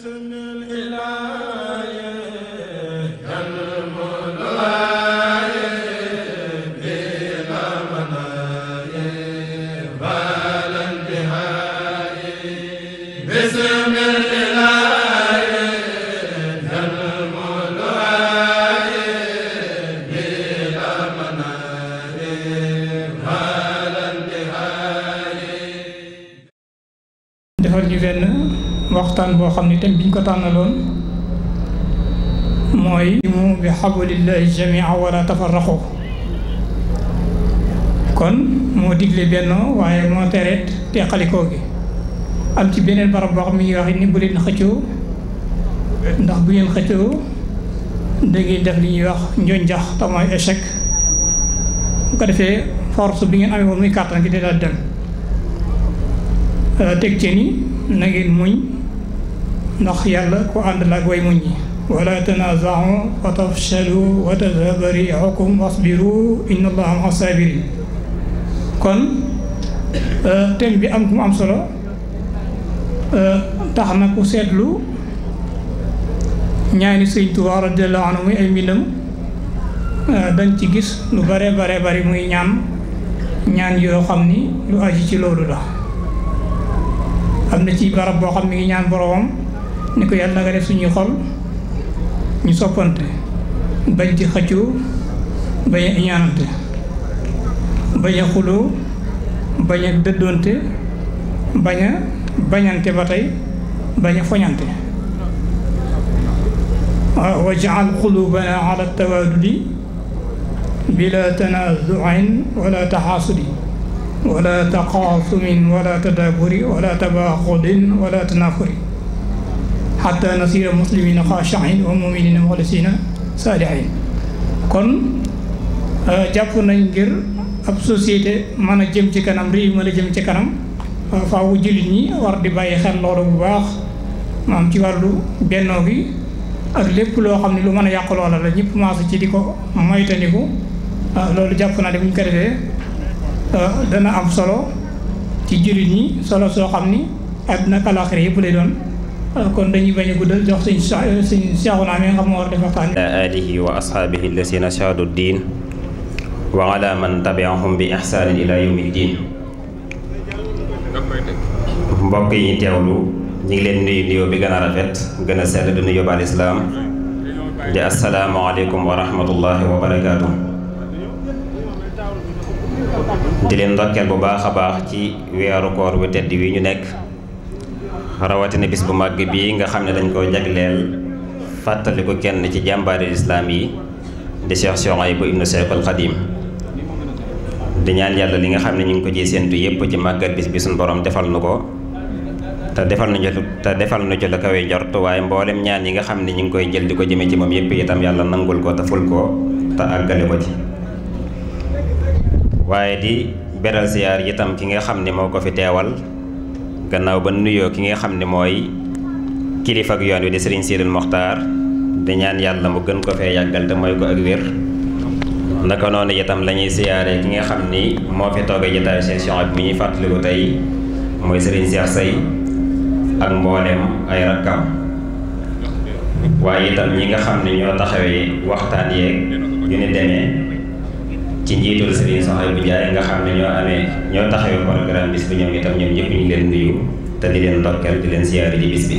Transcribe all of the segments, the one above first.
حسن الإله tànn boo xam ne te bi ñu ko tànnaloon mooy mu bi xablillahi jamia wala tafarraqu kon moo digle bennoo waaye moo tereet teqalikoo gi am ci beneen barab boo xam mi ngi wax ni bu leen xëccoo ndax bu ngeen xëccoo da def li ñuy wax njonjax te mooy échec bu ko defee force bi ngeen amee woon muy kàttan gi day daal dem teg ci ni na muñ ndax yàlla ku ànd la ak way muñ ñi wala tanaaza'u fa tafshalu wa tadhhaba wasbiru inna allaha ma'a saabiriin kon euh, thème bi am ku mu am solo euh, tax na ku seetlu ñaani sëñ Tuubaa radiyallaahu anhu muy ay mbindam euh, dañ ci gis lu bare bare bari muy ñaan ñaan yoo xam ni lu aju ci loolu la am na ci barab boo xam mi ngi ñaan boroomam ni ko yàlla nga def suñuy xol ñu soppante bañ ci xëccoo bañ a ñaanante xuloo bañ dëddoonte bañ bañante ba tey bañ a foñante waaw ah, wajaal qulubana ala tawadudi bila tanazuin wala taxaasudi wala taqaasumin wala tadaaburi wala tabaxudin wala tanafuri xatta nasiira muslimina xaashiin wa muminina muxlisina saalihin kon euh, jàpp nañ ngir ab société man a jëm ci kanam réew mën a jëm ci kanam euh, faaw jullit ñi war di bàyyi xel loolu bu baax maam ci wàllu bennoo gi ak lépp loo xam ne lu mën a yàq loola la ñëpp maasa ci di ko moytandiku euh, loolu jàpp naa ne bu ñu defee dana am solo ci jullit ñi solo soo xam ni àdduna ak alaaxira yëpp lay doon kon dañuy bañ a guddal jox suñ suñ Seexuna mi nga xam moo war a def waxtaan alihi wa ashaabihi allasina shahadu diin wa ala man tabiahum bi ihsaanin ila yawmi diin mbokk yi teewlu ñu ngi leen nuyu nuyoo bi gën a rafet gën a sell di nuyoo ba alislaam di assalaamu aleykum wa rahmatullahi wa barakaatu di leen ndokkeel bu baax a baax ci weeru koor wi tedd wi ñu nekk rawatina bis bu màgg bii nga xam ne dañ koo jagleel fàttaliku kenn ci jàmbaari lislaam yi di Cheikh Souhaïbou ibnu Cheikh al Xadim di ñaan yàlla li nga xam ne ñu ngi ko ciy séentu yépp ci màggal bis bi suñu borom defal nu ko te defal nu te defal nu ci lu kawe njort waaye mboolem ñaan yi nga xam ne ñu ngi koy jël di ko jëme ci moom yépp itam yàlla nangul ko te ful ko te àggale ko ci waaye di beral siyaar itam ki nga xam ne moo ko fi teewal gannaaw ba nuyoo ki nga xam ne mooy kilifa ak yoon wi di sëriñ Sidil Moxtaar di ñaan yàlla mu gën ko fee yàggal mooy ko ak wér naka noonu itam la ñuy siyaaree ki nga xam ni moo fi toog a jotaay session ak mi ñuy fàttaliku tey mooy sëriñ Cheikh Seye ak mboolem ay rakkam waaye itam ñi nga xam ne ñoo taxawee waxtaan yeeg yu ni demee ci njiitul Serigne Soxay bu Njaay nga xam ne ñoo amee ñoo taxawee programme bis bu ñoom itam ñoom ñëpp ñu leen nuyu te di leen ndokkeel di leen siyaare ji bis bi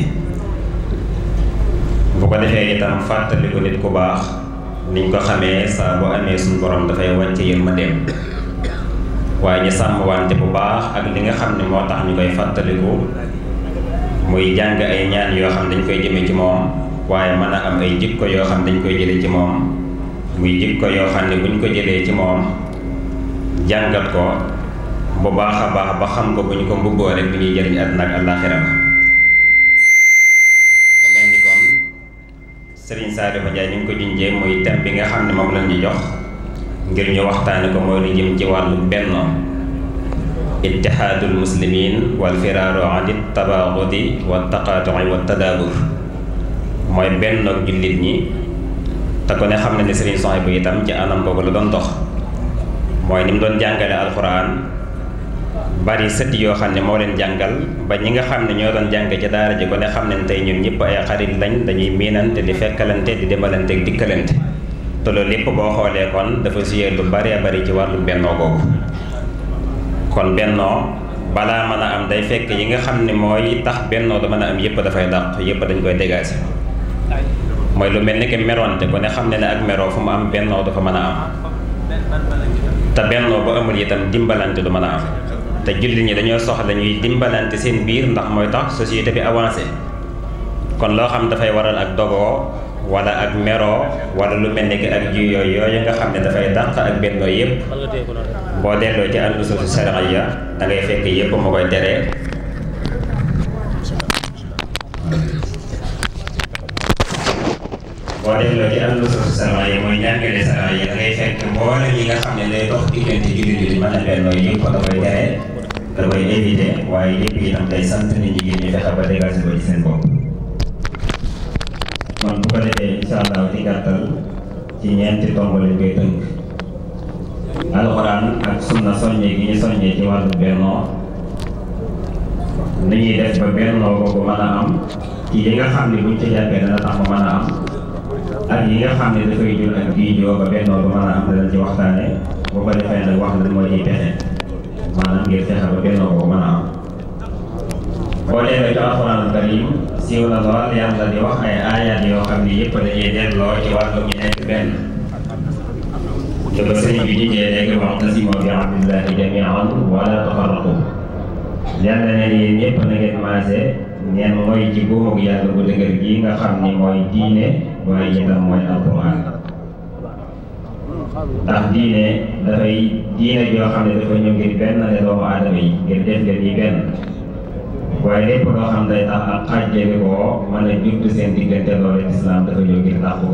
bu ko defee itam fàttali ko nit ku baax niñ ko xamee saa bu amee suñu borom dafay wàcce dem waaye ñu sàmm wante bu baax ak li nga xam ne moo tax ñu koy fàttaliku muy jàng ay ñaan yoo xam dañ koy jëme ci moom waaye mën a am ay jikko yoo xam dañ koy jële ci moom muy jikko yoo xam ne buñ ko jëlee ci moom jàngat ko bu baax a baax ba xam nga bu ñu ko mbubboo rek bi ñuy jëriñ àddina ak àllaaxira ba mu sëriñ Saaliu Njaay ñu ngi ko junjee muy thème bi nga xam ne moom lañ ñu jox ngir ñu waxtaane ko mooy lu jëm ci wàllu bennoo ittihaadul muslimin wal firaaru anit tabaaxudi wa taqaatui wa tadaabur mooy bennoog jullit ñi te ko ne xam na ne Serigne Souhaïbou itam ci anam googu la doon dox mooy ni mu doon jàngale alxuraan bari sët yoo xam ne moo leen jàngal ba ñi nga xam ne ñoo doon jàng ci daara ji ko ne xam ne tey ñun ñëpp ay xarit lañ dañuy miinante di fekkalante di demalante dikkalante te loolu lépp boo xoolee kon dafa suyee lu baree bari ci wàllu bennoo googu kon bennoo balaa mën a am day fekk yi nga xam ne mooy tax bennoo da mën a am yëpp dafay dàq yëpp dañ koy dégager mooy lu mel ni que meronte ba ne xam ne ne ak meroo fu mu am bennoo dafa mën a am te bennoo ba amul itam dimbalante du mën a am te jullit ñi dañoo soxla ñuy dimbalante seen biir ndax mooy tax société bi avancé kon loo xam dafay waral ak dogoo wala ak meroo walla lu mel ni que ak ji yooyu nga xam ne dafay dàq ak bennoo yëpp boo delloo ci al usul shar'iyya da ngay fekk yëpp mu koy teree boo demee ci allusofu salarié mooy njàngale salarié da ngay fekk mboolem yi nga xam ne lay dox diggante jullit yi mën a bennoo yëpp da koy tere da koy éviter waaye yëpp itam day sant nit ñi ngir ñu fexe ba dégagé ko ci seen bopp. man bu ko defee incha allah ci gàttal ci ñeenti tomb lañ koy tënk alxuraan ak sunna soññee gi ñu soññee ci wàllu bennoo ni ñuy def ba bennoo boobu mën a am ci yi nga xam ne buñ ci jàppee dana tax mu mën a ak yi nga xam ne dafay jur ak vidéo ba bennoo ba mën a am danañ ci waxtaane bu ko defee nag wax lan moo ciy pexe maanaam ngir fexe ba bennoo ko mën a am boo demee ci alxuraan karim siiw na lool yàlla di wax ay aayaat yoo xam ne yëpp dañuy delloo ci wàllu ñu nekk benn te ba sëñ bi jijee léegi wa'tasimu bi hablillahi jamii'an wala tafarraqu yàlla ne yéen ñëpp na ngeen maase ngeen mooy ci buumug yàlla bu dëgër gi nga xam ni mooy diine waaye itam mooy alquran ndax diine dafay diine joo xam ne dafa ñëw ngir benn la doomu aadama yi ngir def leen ñi benn waaye lépp loo xam day tax ak xàjjale ko mën a jublu seen diggante loolu islam dafa ñëw ngir dàq ko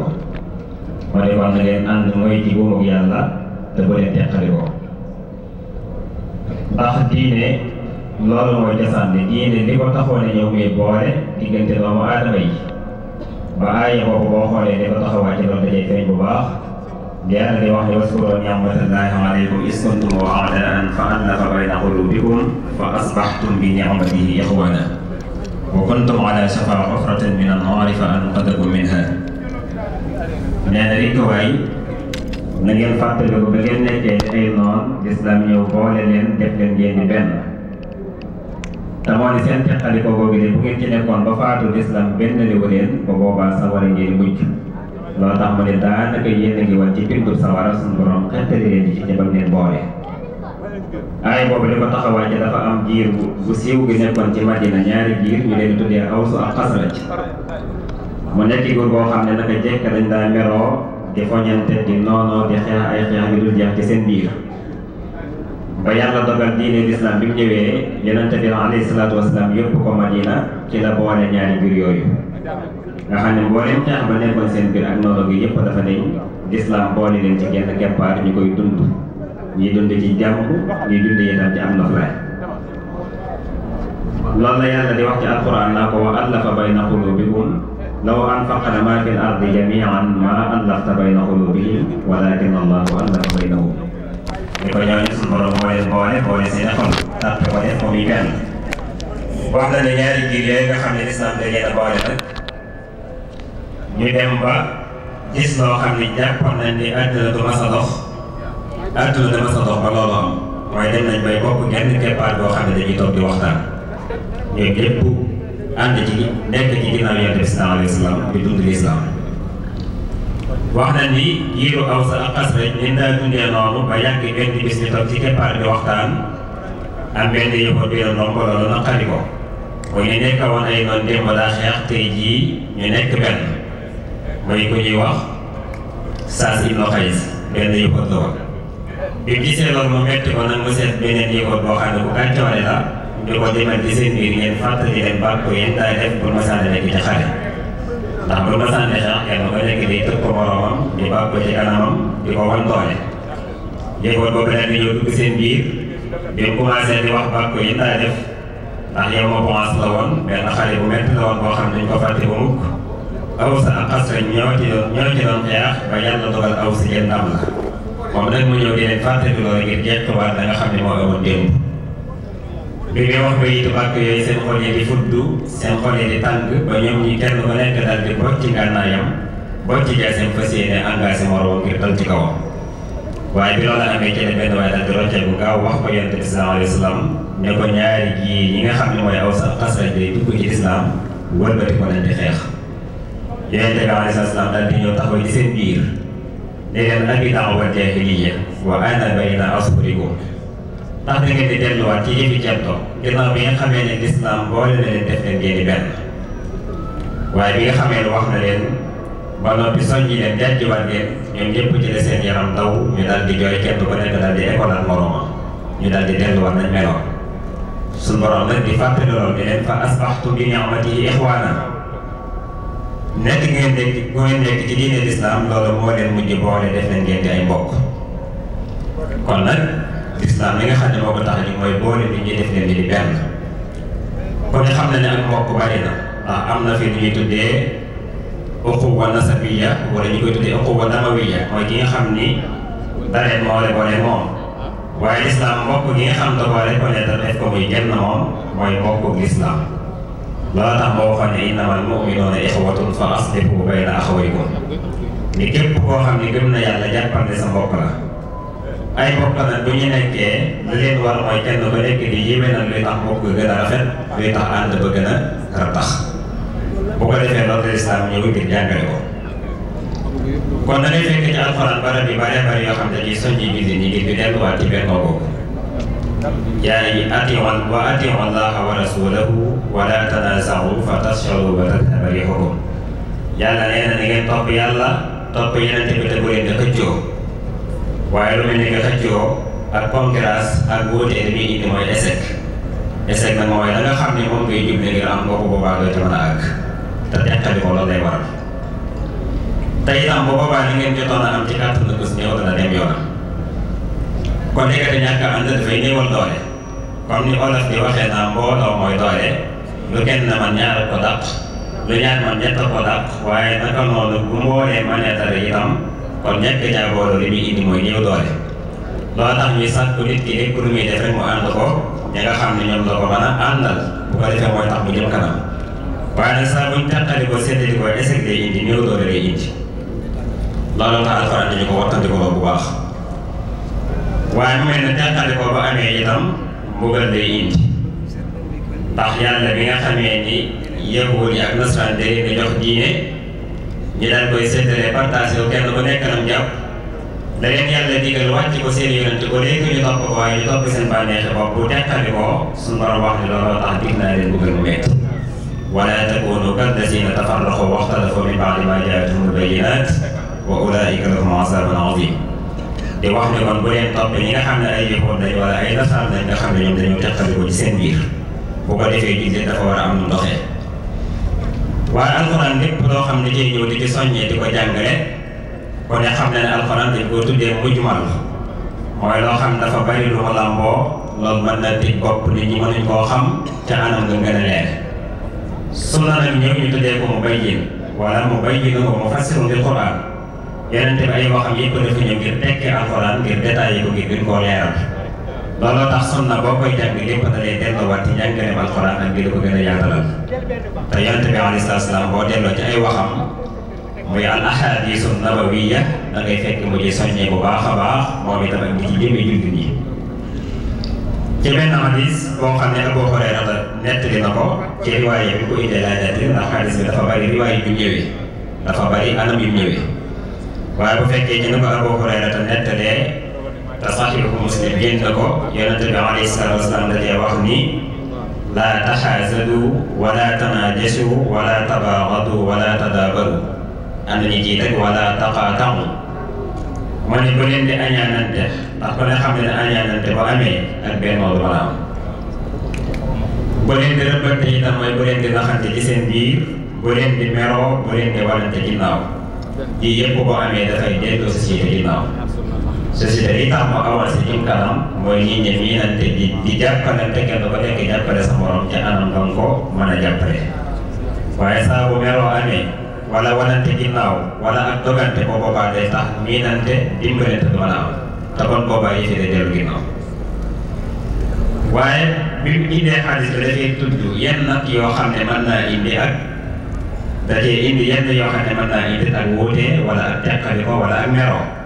moo de kon na ngeen ànd mooy ci buumug yàlla te bu leen teqali ko ndax diine loolu mooy cosaan bi diine li ko taxoon a ñëw muy boole diggante doomu aadama yi ba aaya boobu boo xoolee dafa taxawaay ci doon dajee feeñ bu baax yàlla di wax ne waskuru ni'matallahi alaykum iz kuntum a'daa'an fa allafa bayna qulubikum fa asbahtum bi ni'matihi ikhwana wa kuntum ala shafa hufratin min an-naari fa anqadakum minha nee na rek waay na ngeen fàttaliku ba ngeen nekkee ay noon lislaam ñëw boole leen def leen ngeen di benn te moo di seen teqali ko googu ne bu ngeen ci nekkoon ba faatu lislaam benn li leen ba boobaa sawara ngeen mujj loolu tax mu ne daanaka yéen a ngi woon ci bindub sawara suñu borom xettali leen ci jabam leen boole ay boobu li ko ci dafa am giir bu siiw gi nekkoon ci madina ñaari giir ñu leen tuddee awsu ak xasraj mu nekk góor boo xam ne naka jekk dañ daa meroo di foñante di noonoo di xeex ay xeex yu dul jeex ci seen biir ba yàlla dogal diine lislaam bi mu ñëwee yonente bi alayhi Madina ci la boole ñaari mbir yooyu nga xam ne mbooleem xeex ba nekkoon seen biir dafa ne lislaam boole leen ci genn keppaar ñu koy dund ñuy dund ci jàmm ñuy dund itam ci am noflaay loolu la di wax ci alquran naa ko wa allafa bayna qulubikum law anfaqna maa fi l ardi jamian maa allafta bayna qulubihim walakin ñu ko ñooñu suñu borom moo leen boole boole seen xol tàppe ko def moom yi benn wax ne ñaari giir yooyu nga xam ne islam da leen a boole nag ñu dem ba gis loo xam ne jàppoon nañ ni àdduna du mas a dox àdduna du mas a dox ba bay bokk genn keppaat boo xam ne dañuy toog di waxtaan ñoom ñëpp ànd ci nekk ci ginnaaw yonent bi sallallahu alayhi wa sallam bi dund l'islam wax na ni giiru Aws ak Xasraj dañ dundee noonu ba yàgg benn bis ñu toog ci keppaar bi waxtaan am benn yëngu biir ndongo loolu naqari ko bu ñu nekk woon ay noon démb daa xeex tey jii ñu nekk benn muy ku ñuy wax Saas ibnu Xays benn yëngu la bi mu gisee mu metti ko nag mu seet beneen yëngu boo xam bu kàccoore la di ko demal ci seen biir ngeen fàttali leen bàkk yéen daay def pour ma ci xare. ndax bu ma sànnee sax kenn ku nekk day tëb ko moroomam bàpp ci kanamam di ko wan doole jéegoon boobu nag ñëw dugg seen biir bi mu commencé di wax bàpp yi daa def ndax yow ma boo xam ne ñu ko fàtte ba mukk aws ak xasra ñoo ci ñoo ci doon xeex ba yàlla dogal aw si jël la moom nag mu ñëw di leen fàtte bi loolu ngir jekk waat da xam ne moo amoon démb bi nga wax ba yitu bàkk yooyu seen xol yi di fuddu seen xol yi di tàng ba ñoom ñi kenn ku nekk dal di bocc ngànnaayam bocc jaaseem fas yéene engagé moroom ngir dal ci kawam waaye bi loolu amee dal di roccee bu gaaw wax ko yonent bi ne ko ñaari ji ñi nga xam ne mooy aw sa xasraj day dugg ci islaam wëlbati ko nañ di xeex yonent bi alayhi salaam dal di ñëw taxaw ci seen biir ne leen abi daawa jaahiliyya wa ana bayna asburikum ndax da ngeen di delluwaat ci yëfi ceddo ginnaaw bi nga xamee ne lislaam boole na leen def leen ngeen di benn waaye bi xamee ne wax na leen ba noppi soññi leen jàjjiwaat leen ñoom ñëpp ci la seen yaram daw ñu daal di jooy kenn nekk daal di écolaat ñu daal delluwaat nañ meloon suñ borom nag di fàttali loolu di leen fa asbaxtu bi ni'matihi ixwaana nekk ngeen nekk bu ngeen nekk ci diine lislaam loolu moo leen mujj boole def leen ngeen lislaam li nga xam ne moo ko tax a jóg mooy boole nit ñi def leen ni di benn kon xam na ne ak mbokk bari ndax ah, am na fi lu ñuy tuddee uquwa nasabiya wala ñu koy tuddee uquwa damawiya mooy ki nga xam ni dareet moo la boole moom waaye lislaam mbokk gi nga xam da ko reconnaître def ko muy genn moom mooy mbokku lislaam loola tax boo waxoon ne innamal mu'minuuna ixwatun fa aslihu bayna axawaykum ni képp koo xam ne gëm na yàlla jàppal ne sa ay mbokk nag bu ñu nekkee leen war mooy kenn ku nekk di yéeme na luy tax mbokk gën a rafet luy tax ànd ba gën a bu ko defee loolu lislaam ñëw ngir jàngale ko kon da ngay fekk ci alxuraan barab yi yoo xam ne ni soññi jullit ñi ngir ñu delluwaat ci bennoo boobu yaa ngi atiu wa atiu allaha wa rasulahu wa la tanazaru fa tashalu wa tadhhaba rihukum yàlla nee na ngeen topp yàlla topp yeneen te bu leen di xëccoo waaye lu mel ni nga ak concurrence ak wóote li muy indi mooy échec échec nag mooy la nga xam ne moom ngay juble ngir am kooku boobaa doo ca mën a àgg te teqali ko loolu lay waral tey itam bu boobaa li ngeen jotoon a am ci kàttan kon ni olof di waxee naa mbooloo mooy doole lu kenn na man ñaar ko dàq lu ñaar man ñett ko dàq waaye naka noonu bu mboolee maneetare itam kon ñàkk caa booloo li muy indi mooy néew doole loolu tax ñuy sàkku nit ki lépp lu muy def rek mu ànd ko ña nga xam ne ñoom la ko mën a àndal bu ko defee mooy tax mu jëm kanam waaye nag saa buñ tàqali ko séddali ko échec day indi doole day indi loolu tax alxuraan dañu ko wattandiko loo bu baax waaye mu mel ne tàqali ko ba amee itam mbugal day indi ndax yàlla bi nga xamee ni yahuud yi ak nasaraan day jox diine ñu daan koy séddale partagé ko kenn ku nekk nam jàpp la leen yàlla digal wàcc ko ko léegi ñu topp ko waaye ñu topp seen ko suñu borom wax ni looloo tax dig naa leen bëggal mu metti wala takunu kallazina tafarraqu waxtalafu min ba'di ma jaa'atuhumul bayyinaat wa ulaa'ika lahum azaabun wax ne kon bu leen topp ñi wala ay nasaal lañ nga xam ne ñoom dañoo teqali ko ci seen biir bu ko defee jullit dafa war am lu waaye alxuraan lépp loo xam ne tey ñëw di ci soññee di ko jàngale ku ne xam na ne alxuraan dañ koo tuddee mujmal mooy loo xam dafa bari lu ko làmboo loolu mën na tëj bopp nit ñi mënuñ koo xam ca anam nga gën a leer sunna nag ñëw ñu tuddee ko mu bayyin wala mu bayyinu ko mu fassiru ngir xuraan yeneen bi ay waxam yëpp dafa ñëw ngir tekki alxuraan ngir détaillé ko ngir gën koo leeral looloo tax sunna boo koy jàng lépp da lay delloowaat ci njàngaleem alxuraan ak di ko gën a yaatalal te yonent boo delloo ci ay waxam muy al ahadiisu nabawiya fekk mu ci soññee bu baax a baax moom itam ñi ci jëmee ci benn hadis boo xam ne Abu Hurayra nettali na ko ci riwaay bi ko indee laaj nettali ndax bi dafa bari riwaay yu ñëwee dafa bari anam yu ñëwee waaye bu fekkee ci ni ko Abu Hurayra nettalee. te saxiixu muslim génn na ko yonente bi alayhi salaatu wasalaam da cee wax ni laa taxaasadu wala tanaajasu wala tabaagadu wala tadaabaru am na ñu ciy teg wala taqaatamu moo ne bu leen di añaanante ndax ku ne xam ne añaanante bu amee ak benn wàllu mën a am bu leen di rëbbante itam mooy bu leen di naxante ci seen biir bu leen di meroo bu leen di walante ginnaaw lii yëpp boo amee dafay delloo société ginnaaw société yi tax mu avancé jëm kanam mooy nit miinante di di jàppalante kenn ku nekk jàppale sa morom ci anam nga ko mën a jàppale waaye saa bu meloo amee wala wanante ginnaaw wala ak dogante boo boobaa tax miinante dimbalante du mën a am fi day dellu ginnaaw waaye bi mu indee xaalis bi dafay tudd yenn nag yoo xam ne mën naa indi ak dafay indi yenn yoo xam ne mën naa wala ak teqali wala ak meroo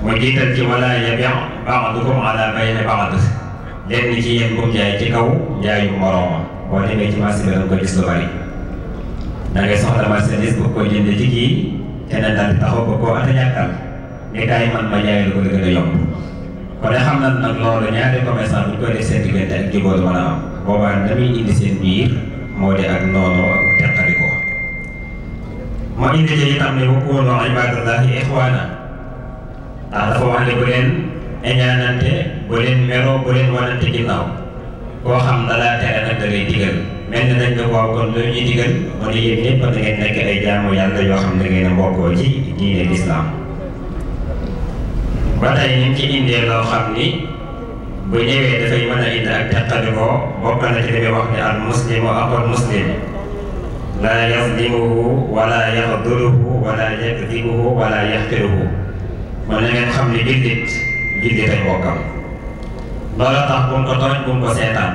mu jiital ci wala yabiix ba'dukum ala bayni ba'd mu jaay ci kaw njaayu moroomam boo ci marché bi da nga ko gis lu bari da ngay soxla marchandise ko jënd ci kii te na daal taxaw ba koo ata ñàkkal ne kaay man ma jaay lu ko gën a xam na nag loolu ñaari commerçant bu ko def seen diggante ak jubóo du a am boobaa da muy indi seen biir moo di ak noonu ak ah dafa wax ne bu eñaanante bu leen meroo wanante ginnaaw koo xam da laa tere nag da lay mel ni dañ ne waaw kon loolu ñuy digal mu ne yéen ñëpp da nekk ay jaamu yàlla yoo xam ne ngeen a mbokkoo ci diine ci dafay mën a ak teqalikoo bokk na al muslim laa yazlimuhu wala yaxduluhu wala yaqdimuhu wala yaxtiruhu wala na xam ne jullit jullit ay bokkam loola tax bu mu tooñ bu mu seetaan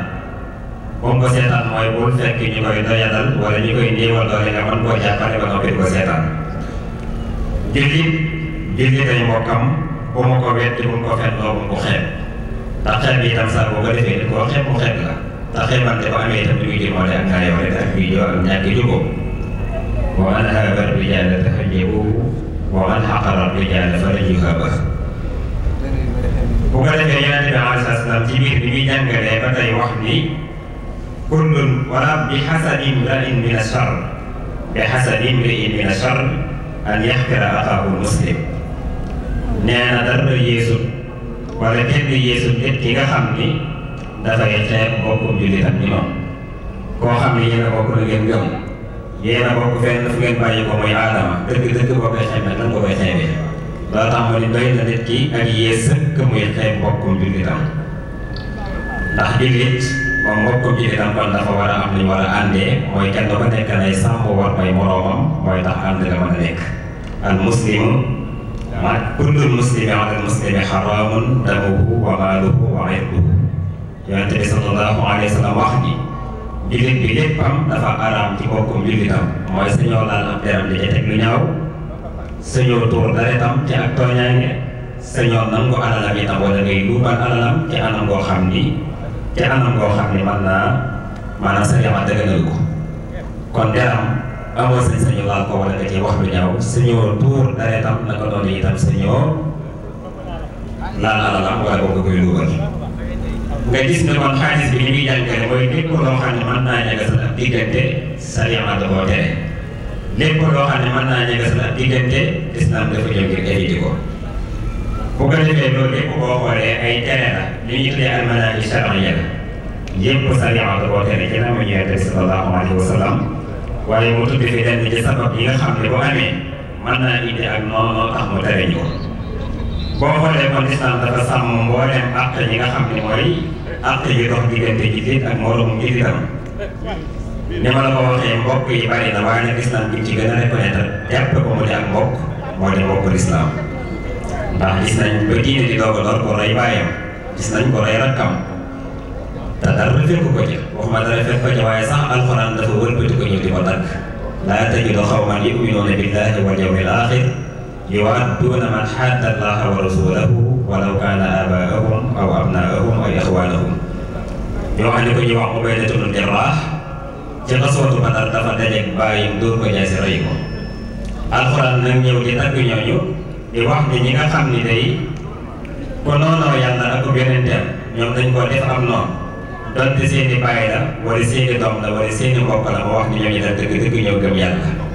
bu mu seetaan mooy bul fekk ñu koy doyadal wala ñu koy néewal doole nga mën koo jàppale ba noppi ko seetaan jullit jullit ay bokkam bu mu ko wetti bu mu ko fenloo bu mu ko xeeb ndax xeeb bi itam saa boo ko defee ni koo xeeb mu xeeb la ndax xeebante ko amee itam li muy jëmoole ak ngaa yow rek ak muy joo ak ñàkk jubóo wa anha barbi jàll dafa wa man xaqara rijaala fa lajuha ba bu ko defee yonente bi aleyhi salaatu salaam ci biir bi muy jàngalee ba tey wax ni kullun wala bi xasadi mri'in min ashar bi xasadi mri'in min ashar an yaxkira axaahu muslim nee na dara yeesul wala kenn yeesul nit ki nga xam ni dafay xeeb bokkum jullitam ni moom koo xam ne yéen a bokk na ngeen yéen a bokk fenn fu ngeen bàyyi ko mooy aadama dëgg-dëgg boo koy xamee nan nga tax ma ni doy na nit ki ak yee sëkk muy xeeb mbokkum jullitam ndax jullit moom mbokkum jullitam kon dafa war a am lu war a àndee mooy kenn ku nekk nay sàmm war may moroomam mooy tax ànd nga nekk al muslimu man kullul muslimi alal muslimi xaraamun damuhu wa maaluhu wa irduhu yonente bi sallallahu alayhi wa wax ji jullit bi léppam dafa araam ci bokkum jullitam mooy sañoo laal ab deram di ca teg lu ñaaw sañoo nangu alalam itam wala ngay luubal alalam ci anam goo xam ni ci anam goo xam ni mën naa maanaam sa yama dëgënal ko kon deram amoo sañ sañu ko wala nga ci wax lu ñaaw sañoo tuur daretam naka doon itam sañoo laal alalam wala boobu nga koy luubal nga gis ne kon xaalis bi ni muy jàngale mooy lépp loo xam ne naa ñagasal ab diggante sariya da koo tere lépp loo xam ne naa ñagasal ab diggante islam dafa jóg ngir éviter ko bu ko defee loolu lépp boo ay tere la li ñu tuddee almanaahi shar'iyya yëpp sariya da koo tere ci mu ñëwee te sallallahu alayhi wa sallam mu tudd fi lenn ci sabab yi xam ne bu amee mën naa indi ak noonu tax mu tere ñu boo xoolee kon islam dafa sàmm mbooleem àq yi nga xam ne mooy àq yi dox diggante jullit ak moroomu jullitam ni ma la ko waxee mbokk yi bari na waaye nag islam bi ci gën a reconnaître jàpp ko mu di ak mbokk moo di mbokk lislaam ndax gis nañ ba diine di doog a door ko rey bàyyam gis nañ ko rey rakkam te dara fekk ko ci waxuma dara fekk ko ci waaye sax alxuraan dafa wëlbati ko ñu di ko dagg laa tajidu xawman yu'minuuna billahi wal yawmil axir yuadduuna man xadda allaha wa rasulahu kaana abaahum aw abnaahum aw ixwaanahum ñoo xam ne ko ñuy wax Ubaydatul Jarraax ci xaswatu Badar dafa dajeeg bàyyim dóor ko jaay ñëw di di wax ni ñi nga xam ni day ko noonoo yàlla ak yonenteem ñoom dañ koo def am noonu donte seeni bàyyi la wala seeni doom la wala seeni mbokk la ma wax ni ñooñu daal dëgg dëgg ñëw gëm yàlla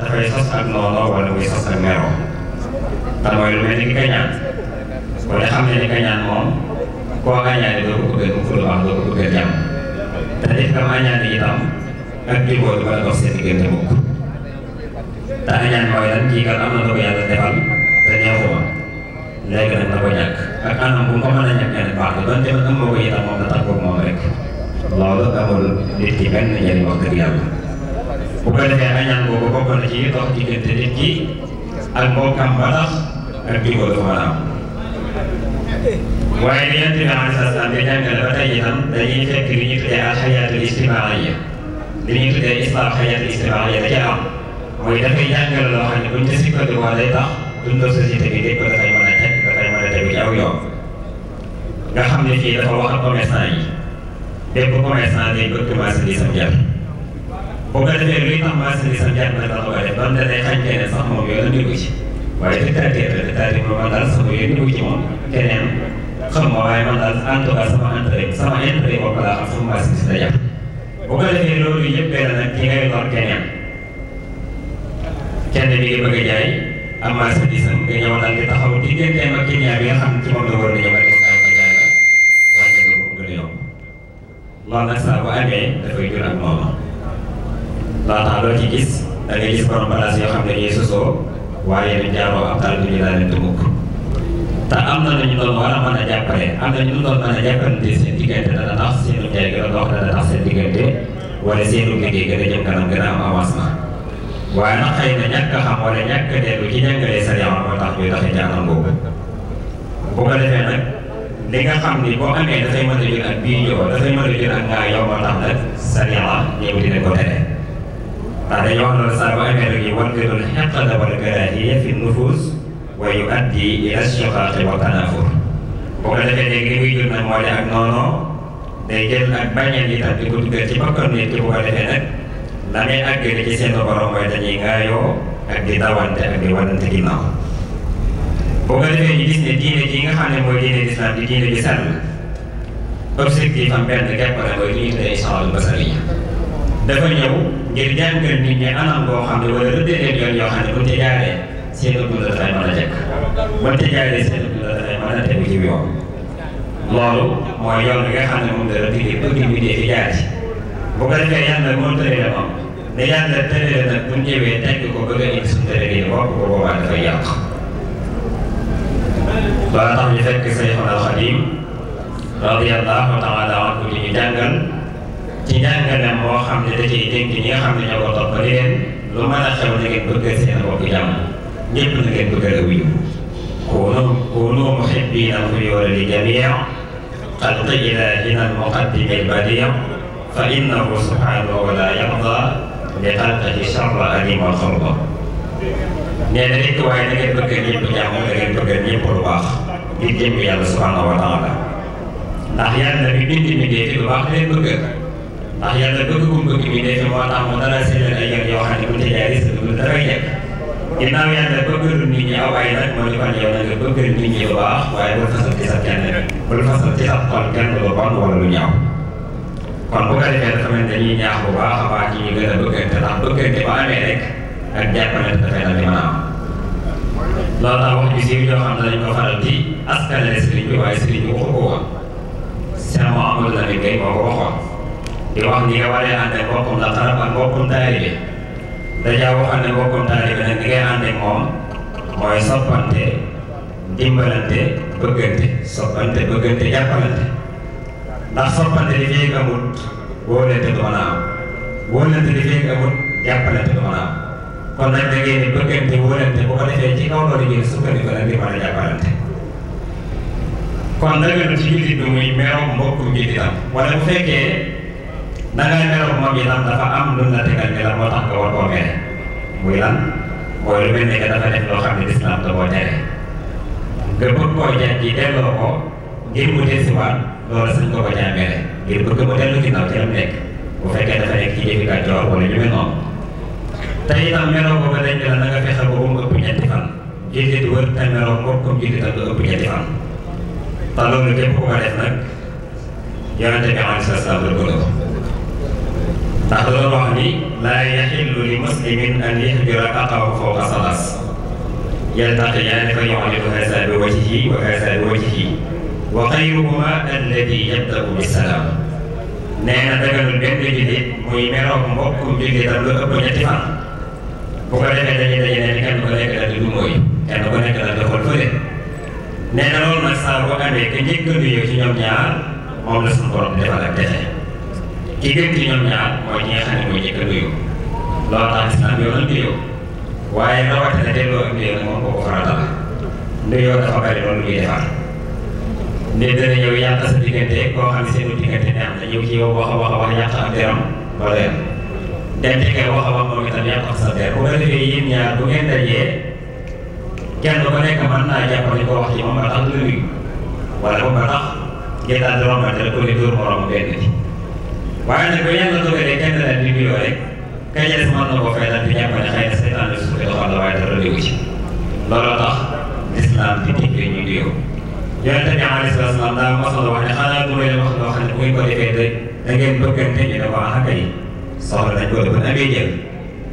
dafay sos ak noonu wala muy sos ak meroo ndax mooy lu mel ni ki xam ne ni koy koo añaane doo ko bëgg mu ful baax doo ko bëgg jàmm te nit kam añaane itam ak juboo du ko dox seen diggante mukk te añaan mooy lan kii kat am na lu ko yàlla defal te neexuma léegi nag na ko ñàkk ak anam bu ko mën a ñàkkee nag baax na donte man am nga ko moom la tax moom rek loolu amul nit ki benn njëriñ wax dëgg yàlla bu ko defee añaan boobu bokk na ci dox diggante nit ki ak mbokkam ba tax ak di ko du mën a am waaye li yent bi alayhi salaam di jàngale ba tey itam dañuy fekk li ñuy tuddee al xayaatul istimaaiya li ñuy tuddee islam xayaatul istimaaiya da ca am mooy dafay jàngale loo xam ne buñ ca sikkandikoo day tax dundal société bi dégg ko dafay mën a teg dafay mën a tegu ci aw yoon nga xam ne fii dafa wax ak commerçant yi bépp commerçant day bëgg marchandise am jar boo ko defee luy tàmbali seen i sax jàng na dara koy def donte day xañ keneen sax moom yow indi ko ci waaye dictateur la dictateur moom man daal sama yow indi moom keneen xam nga waaye man daal en tout sama intérêt sama intérêt bopp laa xam sama basi si la jàpp boo ko defee yëpp benn nag ki ngay lor keneen kenn bi nga bëgg a jaay am naa sa di taxaw digganteem ak keneen bi ci moom la war a ñëw a def daal jur ak moom laataa loo ci gis da gis borom place xam ne dañuy sosoo waaye nag jaaroo ab taal bi ñu daal te am na ñu doon war a mën a jàppale am na ñu doon mën a jàppalante seen diggante dana tax seenu jaay dox dana tax seen diggante wala seenu liggéey gën a a am avancement waaye nag xëy tax ñuy boobu bu ko defee nag li nga xam ni boo amee dafay mën a jël ak bii ñëw dafay mën a jël ak ngaa yow moo tax nag sa yaram ñëw ko ndax dañoo wax loolu saa bu amee rek yi wankidul xeqada wal karaahiya fi nufus wa yuaddi ila shiqaaqi wa tanaafur bu ko ak noonu day ak bañal yi tam di ci bakkan nit ki bu ko defee nag la muy àggale ci seen borom mooy ngaayoo ak di dawante ak di wanante ginnaaw bu ko defee ñu gis ne diine ji nga xam di diine ji sell objectif am benn képp la mooy li ñuy tuddee isaal basariya dafa ñëw ngir jàngal nit ñi anam boo xam ne wala rëdd leen yoo xam ne buñ ca jaaree seen dund dafay mën a jekk buñ ca jaaree seen dund dafay mën a tegu ci yoon loolu mooy xam ne moom la rëdd yi bëgg ñu dee jaar bu ko defee yàlla moom tëddee la moom ne yàlla tëddee nag bu ñëwee tekk ko bëgg a indi suñu tëddee yi bopp bu boobaa dafay yàq loolu tax ñu fekk Seyxul Xadiim radiyallaahu taala anhu di ñu jàngal ci njàngaleem boo xam ne da cay dénk ñi nga xam ne ñoo ko topp ba leen lu mën a xew na ngeen bëgg seen bopp jàmm ñëpp na ngeen bëgg a wuyu kunu kunu muhibbiina al-xuyuura li jamii' xalqi ilaahina al-muqaddimi al-badii' fa innahu subhaanahu laa yardaa li xalqihi sharra aliim al-xalqa nee na rek waaye da ngeen bëgg ñëpp jàmm da ngeen bëgg ñëpp lu baax ngir jëm yàlla subhaanahu wa taala ndax yàlla bi bind mi dee fi lu baax leen bëgg ndax yàlla bëgg kum bëgg bi day fi moo tax mu dara si leen ay yoon yoo xam ne bu tëjee risque bi lu dara jekk ginnaaw yàlla bëggal nit ñi aw ay nag mu ne kon yow na nga bëggal nit ñi bu baax waaye bul fasal ci sa kenn bul fasal ci sa xol kenn lu bon wala lu ñaaw kon bu ko defee dafa mel dañuy ñaax bu baax a baax ñu gën a bëggante ndax bëggante ba amee rek ak jàppalante dafay dal di mën a am loolu tax wax ji siiw yoo xam ne dañ ko faral di askanale sëriñ bi waaye sëriñ bi waxu ko woon Cheikh Mouhamadou Lamine Gueye moo ko waxoon di wax ni nga waree ànd ak mbokkum dajaa waxal ne mbokkum taalibe nag ni moom mooy soppante dimbalante bëggante soppante bëggante jàppalante ndax soppante li fii amut wóolante du mën a am wóolante kon nag da ngeen di bëggante wóolante bu ko defee ci kaw loolu kon dëgg na ci jullit bi muy merom mbokkum jullitam wala bu na ngay meloon moom itam dafa am lu la tegal ñu moo tax nga war koo muy lan mooy lu mel ni dafa def loo xam ne lislaam da koo tere nga bëgg koo jàpp ci delloo ko ngir mu desiwaat loolu sañ ko ko caa mere ngir bëgg mu dellu ginnaaw ci la mu nekk bu fekkee dafa nekk ci jëfi kàccoor wala ñu mel noonu te itam meloo ko ba dañ la na nga fexe ba mu ëpp ñetti fan jullit wër te meloo mbokkum jullitam lu ëpp ñetti fan te loolu képp ku ko def ndax da doon wax ni laa yaxillu li muslimin an yahjura axaahu fawqa salaas yaltaqiyaani fa yu'ridu haazaa bi wa haazaa bi wajhihi wa xayruhumaa allazii yabda'u bi salaam nee na daganul benn jullit muy meroog mbokkum jullitam lu ëpp ñetti bu ko defee dañuy daje ne kenn ku nekk daal di dumóoy kenn ku nekk daal di xool fële nee na loolu nag saa boo a nuyoo ci ñoom ñaar moom la suñu borom defal ki gën ci ñoom ñaar mooy ñi nga mooy njëkk a nuyu loolu tax islam yoonal nuyoo waaye rawatina delloo ak nuyoo loolu muy defar nit dana ñëw yàq sa diggante koo xam ne seen diggante ne am na wax wax wax yàq am deram wala yam dem ci wax wax moom itam yàq am sa der ko defee yéen ñaar bu ngeen dajee kenn ku nekk mën naa jàpp ne ko wax ci moom ba tax nga nuyu wala moom ba tax ngeen daal di rombante la ko ne dóor moroom benn waaye nag ba yàlla dogalee kenn daal di nuyoo rek ka ca des mën na ko fay lan te jàpp ne suuf doxal la waaye dara déglu ci looloo tax lislaam di bi alayhi salaam daa mosal wax ne xanaa du may wax loo xam ne bu ñu ko defee de da ngeen bëggante ñu ne waa xaka yi soxla nañ ko ba amee jël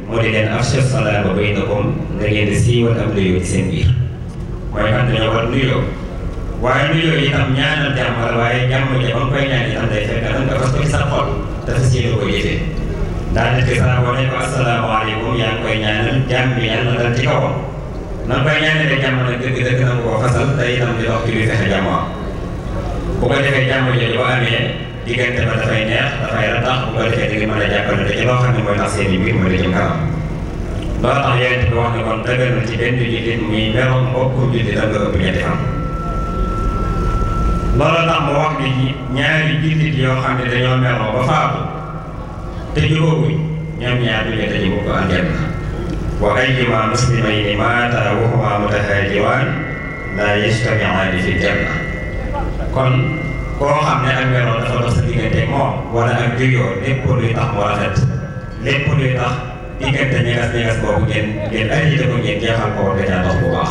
moo di leen afshu salaata baynakum da ngeen di siiwal am nuyoo ci seen biir mooy kan dañoo war waaye mbir yooyu itam ñaanal jàmm la waaye jàmm ja ba nga koy ñaan itam day nga fas ko ci xol te fas yéene ko jëfee daanaka saa boo yaa ngi koy ñaanal jàmm bi yàlla na dal ci kawam na nga koy nag dëgg dëgg na nga ko fasal te itam dafay neex dafay ratax bu defee da nga mën a jàppale te ci loo xam ne mooy tax seen i mbir mën a jëm kanam loolu tax yonent wax ne kon dëggal ci benn jullit muy meroom loola tax mu wax ne ci ñaari jullit yoo xam ne dañoo meloo ba faatu te jubóobuñ ñoom ñaar duñu te jubóo ko aljanna wa ayyuma muslimayni maata wa huma mutahaajiwaan laa yajtamiaani fi janna kon koo xam ne ak meloo dafa dox sa diggante moom wala ak juyoo lépp luy tax mu rafet lépp luy tax diggante ñegas ñegas boobu ngeen ngeen aji ko ngeen jeexal ko war nga dox bu baax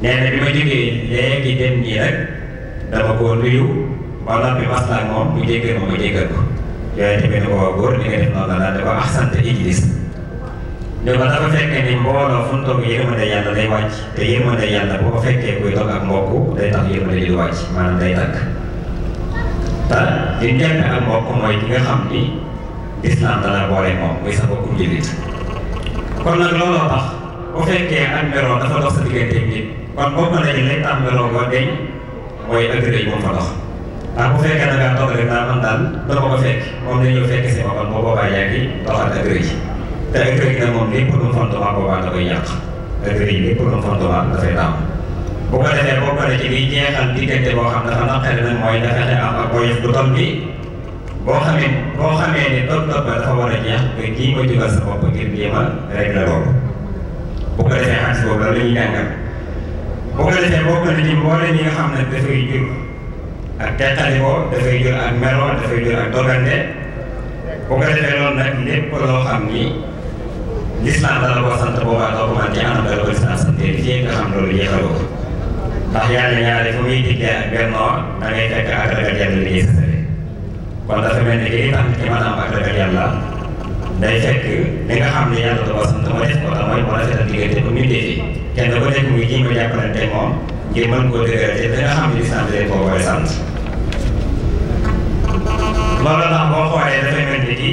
nee na bi ma jógee léegi dem nii rek dama koo nuyu ba noppi masla ak moom mu jéggal ma ma jéggal ko yooyu tamit ne ko waa góor li nga def noonu la daal di ko ahsanta ijlis ko dafa fekk ni mbooloo fu mu toog yërmande yàlla wàcc te yërmande yàlla boo ko fekkee kuy toog ak mbokk day tax yërmande di wàcc maanaam day takk te li ñu ak mbokk mooy ki nga xam ni lislaam dana boole moom muy sa bokkum jullit kon nag looloo tax bu fekkee ak meroo dafa dox kon bokk na ci lay tàmbaloo ko deñ mooy ak moom fa dox ndax bu fekkee da ngaa naa man daal dama ko fekk moom dañoo fekk si ma kon moo boobaa yaa ngi doxal ak rëy te ak rëy nag moom lépp lu mu fondement boobaa da koy yàq ak rëy lépp lu mu fondement dafay bu ko defee bokk na ci liy jeexal diggante boo xam dafa naqari nag mooy nga fexe am ak woyof bu toll bi boo xamee boo ne topp topp ba dafa a jeex nga kii ko jugal ko defee xaalis boobu la ñuy jàngal boo ko defee bokk na ci mboolem yi nga xam ne dafay jur ak teqalikoo dafay jur ak meloo dafay jur ak dogante boo ko defee loolu nag lépp loo xam ni lislaam dala ko sant boobaa doo ko mën ci anam dala ko lislaam sante fii nga xam loolu jeexaloo ko ndax yàlla ñaare fu muy diggee ak bennoo da ngay fekk ak ragal yàlla li ñuy sësale kon dafa mel ne lii tax nit ki mën a am ak ragal yàlla day fekk li xam ne yàlla ko sant ma def ko te mooy mu rafetal a ba muy ji ma jàppalante nga xam ne lislaam leen koo koy sant. loolu tax boo xoolee dafay mel ni di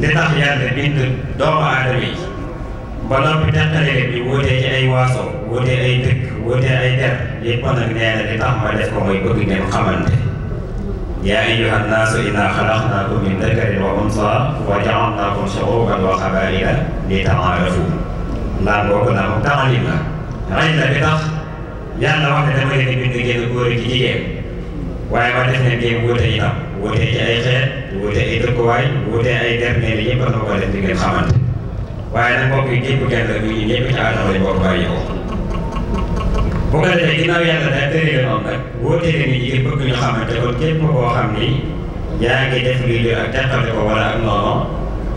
li tax yàlla bind doomu aadama yi ba noppi teqalee bi wóotee ci ay waaso wóotee ay dëkk wóotee ay der yëpp nag nee na li tax def ko mooy bëgg ngeen xamante. yaa ayyuha nnaasu innaa xalaqnaakum min dakarin wa unsaa wa ja'alnaakum shu'uuban wa qabaa'ila li ta'aarafu naan boobu naan taalim la ràññ la bi tax yàlla wax ne dama leen bind ngeen góor ak jigéen waaye ma def ne ngeen wuute itam wuute ci ay xeet wuute ay dëkkuwaay wuute ay dernier yi ñëpp dama ko di ngeen waaye nag mbokk yi gépp kenn la ñu ñëpp ci aadama lañ bokk bàyyi ko bu ko defee ginnaaw yàlla daa tëri noonu nag boo tëri nit ñi ngir bëgg ñu xamante kon képp koo xam ni yaa ngi def lii di ak teqale ko wala ak noonu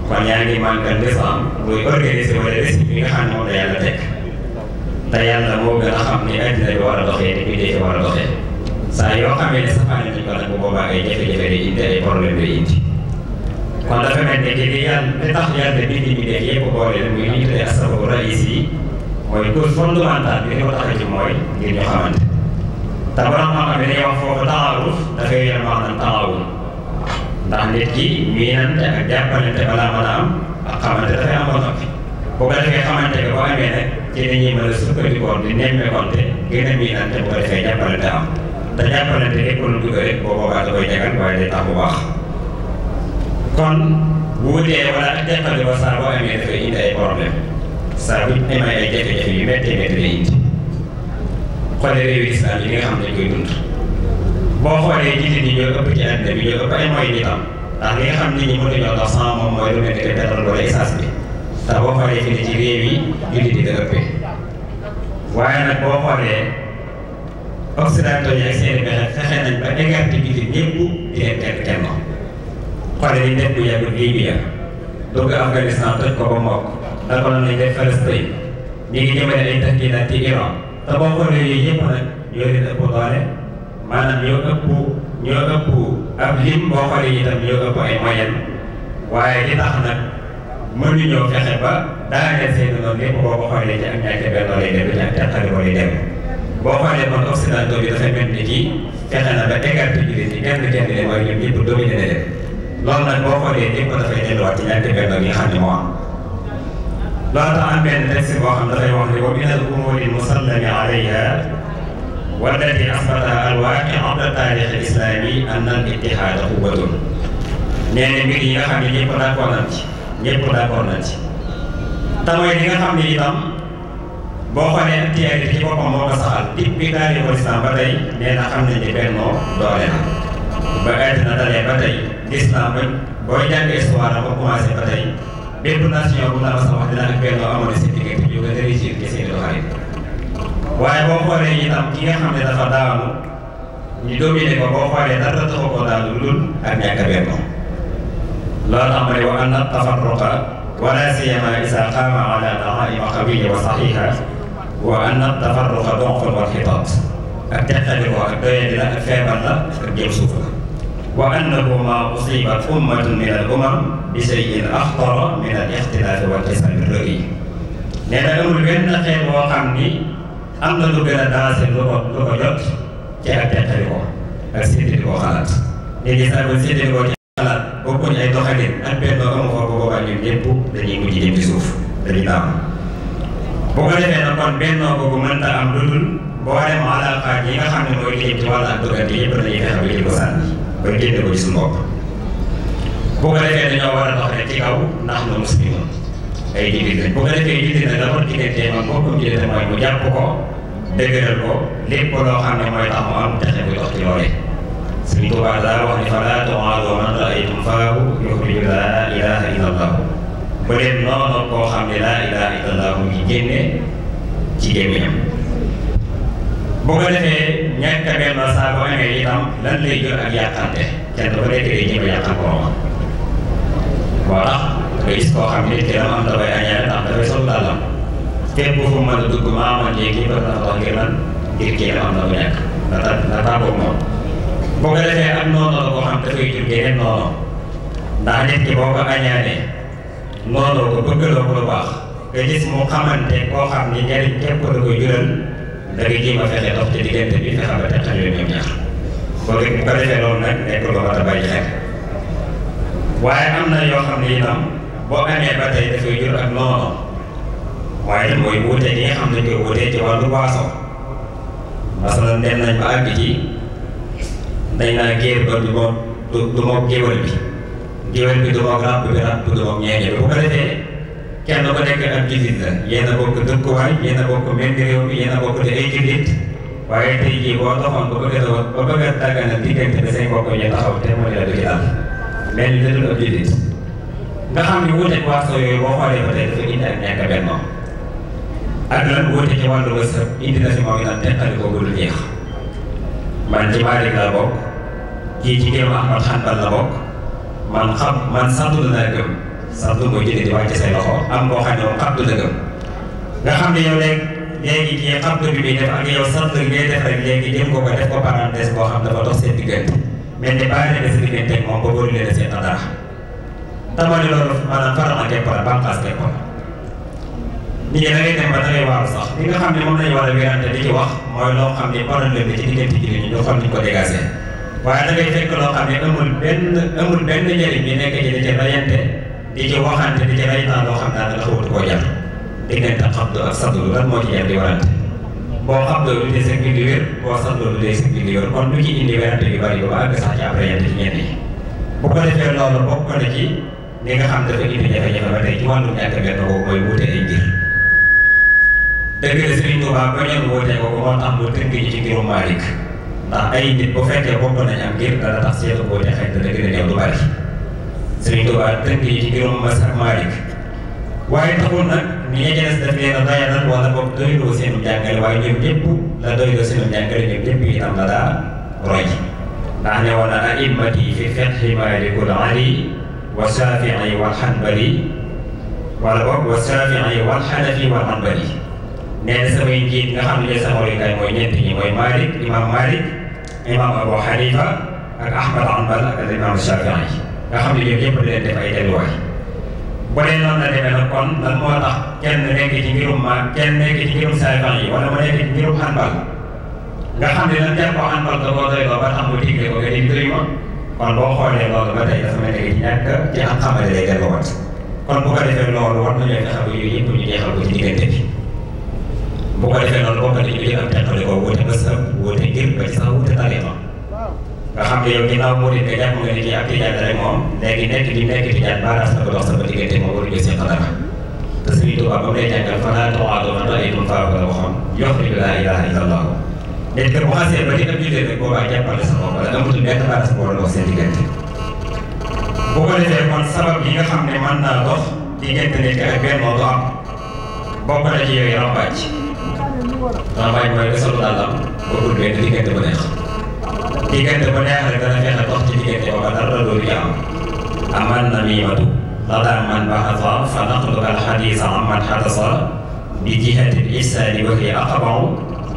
kon yaa ngi manqué l'islam muy organiser wala récit bi nga xam ne moom la teg te yàlla moo gën a xam ni addina bi war a doxee ni muy defee war a doxee saa yoo xamee ne safaane nañ ko nag bu boobaa ay jafe-jafe day indi ne que li yàlla li tax yàlla bind mi def yëpp boole muy li ñu tuddee asbabu raïs yi mooy cause fondamentale bi li mooy ngir ñu xamante te borom xam-xam yi dañuy wax foofu taaruf dafay yéen ak jàppalante balaa mën a am ak xamante dafay am ci la ñuy mën a di nemmeekonte gën a miinante bu ko am te jàppalante lépp lu boo boobaa da koy jagal kon bu wutee ak jàppale boo amee dafay indi saa bu ñu ay jafe-jafe yu méttee métti lay indi xoolee réew islam yi nga xam ne dañ dund boo xoolee jullit ñi ñoo ëpp ci àddina bi ñoo ëpp ay mooy nitam ndax li nga xam nit ñi mënuñoo dox sans moom mooy lu mel ni que pétrole wala bi ndax boo xoolee ci réew yi jullit yi da ëppee waaye nag boo xoolee occidentaux yi ak seen pexe fexe nañ ba écarté jullit ñëpp di leen teg kenn xoolee li ñu def bu yàgg Libya dugg Afghanistan toj ko ba mbokk dagaloon nañ leen Palestine ñu ngi jëmale ay tahkiidaat ci Iran te boo xoolee yooyu yëpp nag ñoo leen ëpp doole maanaam ñoo ëpp ñoo ëpp ab lim boo xoolee itam ñoo ëpp ay moyen waaye li tax nag mënuñoo fexe ba daaneel seen noonu lépp boo ko xoolee ci ak ñàkk benn lay dem ci ak teqalikoo lay dem boo xoolee kon Occidentaux bi dafay mel ni kii fexe na ba écarté jullit yi kenn kenn leen waaye ñoom ñëpp dominé na leen loolu nag boo xoolee lépp dafay delluwaat ci ñàkk benn yi nga xam ne moo am loolu tax am benn boo xam dafay wax ne wa min al umuuri musallami alayha wallati asbataha al waaqi abda taarix islaami an al ittihaada quwwatun nee na mbir yi nga xam ne ñëpp d'accord nañ ci ñëpp d'accord nañ ci te mooy li nga xam ne itam boo xoolee tiyaari ci boppam moo ko saxal tip bi taarixul islaam na xam nañ ne na dalee ba tey lislaam bañ booy jàng histoire ba commencé ba tey bépp nation bu la sa wax dinaa ak benn amoon na seen diggante ñu nga réussir ci seen doxalin waaye boo xoolee itam ki nga xam ne dafa daanu ñu dominer ko boo xoolee dara taxu ko daanu lul ak ñàkk a benn loolu am na wa anna tafarruqa wala siyama isa qaama ala da'ima qawiyya wa sahiha wa anna tafarruqa donfun wal xitaat ak teqali ko ak doyadi la ak feebar la ak jëm suuf la wa annahu ma usibat ummatun min al umam bi shay'in axtara min al ixtilaafi wal xisaami rëy nee na amul benn xeet boo xam ni am na lu gën a daase lu ko jot ci ak teqali ko ak séddale ko xalaat léegi sax ba séddale ko ci xalaat bokkuñ ay doxalin ak benn amu fa bu boobaa ñun ñëpp dañuy mujj dem ci suuf dañuy daam bu ko defee nag kon benn boobu mënta am lu dul boo dem alaakaar yi nga xam ne mooy liggéey ci wàllu ak dugante yëpp dañuy fexe ba jël ko sànni ba génne ko bu ko defee dañoo war a dox rek ci kaw ndax bu ko defee jullit nag dafa diggante man boppam mooy mu jàpp ko dëgëral ko lépp loo xam mooy tax am texe bu dox ci loolee Sëriñ Tuubaa daa wax ni fa laa tuaadu man raaytum faahu yuxriju laa ilaha illa bu leen noonu koo xam ne laa ilaha illa allahu ci gémmiñam boo ko defee ñàkk a benn saa boo lan lay ak yàqante kenn ku nekk day jéem a yàqal boromam moo tax koo xam nit ki dama am dafay añaane ndax dafay sol dàllam fépp fu mën a dugg maa man léegi ba na ta moom bu ko defee ak noonu la xam dafay jur geneen noonu ndax nit ki boo ko ko bëggaloo ko lu baax nga gis mu koo xam ni njariñ képp ko jural da ngay jéem a ci diggante bi fexe ba teqal yooyu ñoom ñaar boo ko bu waaye am na yoo xam ne itam boo amee ba tey dafay jur ak noonu waaye mooy wuute gi xam ne koy wuutee ci wàllu waaso masalan dem nañ ba àgg ci dañ naa géer ba du moom du moom géwél bi géwél bi du moom ràpp bi ràpp bi du moom ñeeñe bi bu ko defee kenn ku nekk ab jullit la yéen bokk dëkkuwaay yéen bokk mel ni réew bokk di ay jullit waaye tey jii boo doxoon ba bëgg a ba bëgg a dagganal diggante bi say mbokk ñu taxaw te mu ne la du mel ni dëdul ab jullit nga xam ne wuute waaso yooyu boo xoolee ba indi ak ñàkk benn moom ak lan wuute ci wàllu wërsëg indi na fi moom itam teqali ko bu dul jeex man ci Maalik bokk kii ci géem Ahmad Hanbal la bokk man xam man sant naa gëm sabdu mooy jëlee di wàcc say loxo am koo xam ne moom xabdu la xam ne yow léegi léegi kii xabdu bi muy def ak yow sabdu bi ngay def rek léegi jëm ko ko def ko parenthèse boo xam dafa dox seen diggante mel ni bàyyi na sa diggante moom ba bëri leen seen dara tamani loolu maanaam farama képp la bànqaas la nit ñi da ngay dem ba da li ne moom di wax mooy loo xam ne problème bi ci diggante ji ñu xam ni ko dégagé waaye da ngay fekk loo xam ne amul benn amul benn njëriñ bi nekk ci di ci rayante di ci waxante di ci reytaan loo xam daanaka xawatu koo jar diggante xabdu ak sadlu lan moo ci jar di warante boo xabdoo du dee sëg bi di wér boo sadloo du dee sëg bi di wér lu ci indi werante yu bari ba àgg sax ci ab reyante ci bu ko defee loolu bokk na ci li nga xam dafa indi jafe-jafe ba tey dëgg ñi ci ngirum Malick ndax ay nit bu fekkee bokk nañ am ngir dana tax seetu wuute xëy na dëgg la néew du bari Serigne Touba tënk yi ci juróom mazhab Maalik waaye taxul nag ni ña ca des daf leen a dayalal wala boog doyloo seenu jàngale waaye ñoom ñëpp la doyloo seenu jàngale ñoom ñëpp itam la daa roy ndax ne woon na a'immati fi fiqhi Maalikul ali wa Shaafi'i wal Hanbali wala boog wa Shaafi'i wal Hanafi wal Hanbali nee na samay njiit nga xam ne sama royukaay mooy ñeent ñi Abu Hanifa ak Ahmad Hanbal ak al imaam Shaafi'i nga xam ne yooyu yëpp di leen def delluwaay bu dee noonu la demee nag kon lan moo tax kenn nekk ci ngirum ma kenn nekk ci ngirum saayfan yi wala mu nekk nga xam ne lan nga di doy ma kon boo xoolee loolu ba tey dafa mel ni ñàkk ci xam-xamale lay delluwaat kon bu defee loolu war nañoo fexe ba yooyu yëpp ñu jeexal ko ci diggante bi bu ko defee loolu bokk na ñu jël am teqale ko wuute ba ngir ba ci sax wuute taliba nga xam ne yow ginnaaw murid nga jàpp nga ni kii ak tijaan rek moom léegi nekk di nekk tijaan baaraas na ko dox sama diggante moom war a jël seen dara te Sëriñ Tuubaa ba mu lay jàngal fa laa tawaadoo man ay dum faaw la waxoon yox li laa ilaaha illallaah nit que bu xasee ba di ab jullit rek boobaa jàppale sa bopp wala amatul benn baaraas bu war a dox seen diggante bu ko defee kon sabab yi nga xam ne mën naa dox diggante nit ki ak benn moo du am bokk na ci yooyu rambaaj rambaaj mooy nga solu dàllam ba gudd benn diggante bu neex diggante bu neex rek dana fexe dox ci diggante booba dara loolu jaam aman namimatu ladaa man baxata fa naqluka alxadisa amman xadasa bi jihati lisaani wa hiya aqbaru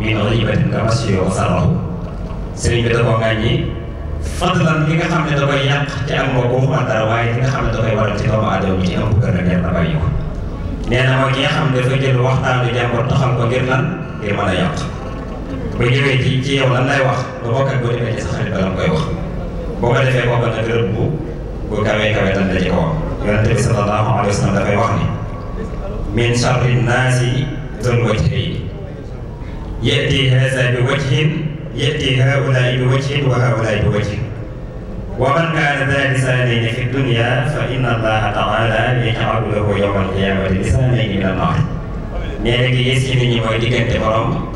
min ribatin ka masyo wa sarahu sëriñ bi da koo ŋàññi fadlan li nga xam ne da koy yàq te am nga ko waxuma dara waaye li nga xam ne da koy waral ci doomu aadama ci am gën a neex na bàyyi ko nee na mooy ki nga xam ne dafa jël waxtaanu jàmbur taxal ko ngir lan ngir mën a yàq bu ñëwee ci ci yow lan lay wax ba bokk ak boo demee ci sa xarit ba lan koy wax boo ko defee bokkal nag rëbb bu bu kawee kawee lan la ci kawam yonente bi sallallahu alayhi wa sallam dafay wax ni min charri naasi dul wajhayn yati haza bi wajhin yati haulaai bi wajhin wa haulaai bi wajhin wa man kaana daa lisaanayni fi dunya fa inna allaha taala yaj'alu lahu yawma alqiyamati lisaanayni min annaar nee na ki yées ci nit ñi mooy diggante borom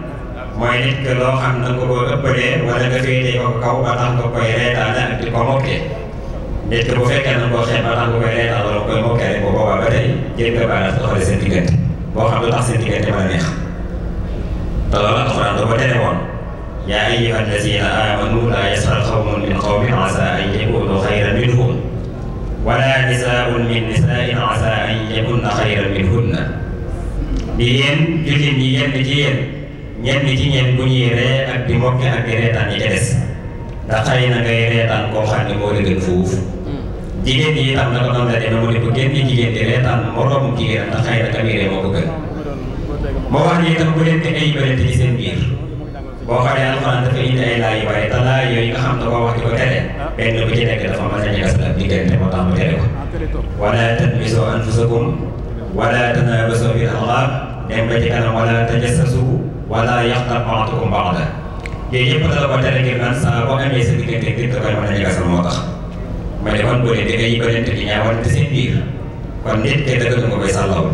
mooy nit que loo xam na ko koo ëppalee wala nga féetee ko kaw ba tax nga koy reetaane ak di ko mokkee nit que bu fekkee na koo xeeb ba tax nga koy reetaan wala koy mokkee rek bu boobaa ba tey jël nga baaraat doxale seen boo xam du tax seen diggante mën a neex te loolu alxuraan da ko tere woon yaa ayyuha allazina amanu laa yasxar qawmun min qawmin asa an yakunu xayran minhum wala nisaun min nisain asa an yakunna xayran minhunna di yéen jullit ñi yenn ci yéen ñenn ci ñeen bu ñuy ree ak di mokki ak di reetaan yi ca des ndax xëy na ngay reetaan koo xam ne moo la gën mm. jigéen yi itam naka noonu la ne bu génn jigéen di reetaan moroomu jigéen ndax xëy na moo ko gën mm. moo wax ni itam bu leen di ay bëreet ci seen biir boo xoolee alxuraan dafa indi ay laay yu bari te laay yooyu nga ko tere benn bu ci nekk dafa mën a ñagas la diggante moo tax mu tere ko wala tanmiso anfusakum wala tanabaso bil alqaab dem ba wala yaxtab ba'dukum ba'dan yooyu yëpp dala ko tere ngir naan saa boo amee sa diggante ngir koy mën a ñagasal moo tax ma ne kon bu dee da ngay yëgalante di ñaawante seen biir kon nit ke dëgg nga koy sàllaw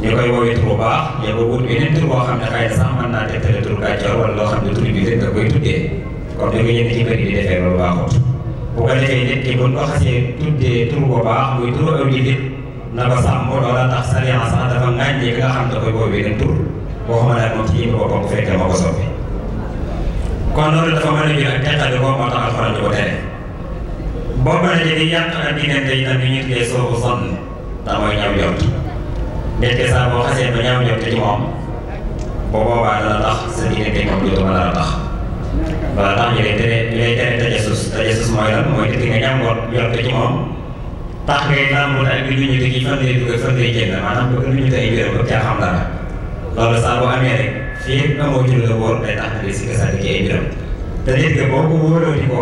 ñu koy woowee tur bu baax ñu ko wut beneen tur boo xam ne xëy sax mën naa tegtale tur gàccoor wala loo xam ne tur bi koy tuddee kon da nga ñenn ci bëri di defee loolu baaxut bu ko defee nit ki buñ ko xasee tuddee tur bu baax muy tur aw nit na ko sàmm loola tax sariya sax dafa ŋàññee ki waxuma daal moom ci yëngu boppam bu fekkee moo ko soppi kon loolu dafa mën a jël ak teqali ko moo tax alxuraan di ko tere boo mën a jëlee yàq ak diggante yi tam ñu ñu tuddee soobu sonn te mooy ñaw jot ndeke saa boo xasee ba ñaw jot ci moom bu boobaa dana tax sa diggante moom jotuma dara tax wala tax ñu lay tere ñu lay tere tajasus tajasus mooy lan mooy dëkk nga ñaw ngoot jot ci moom tax ngay naan mu daal bi lu ñu tëj fan lay dugg fan lay génn maanaam bëgg lu ñu tëj ay mbiram bëgg caa xam dara loolu saa amee rek fii amoo ci la wóor day tax nga si gëstoo ci ay mbiram te nit ki boo ko wóorooti ko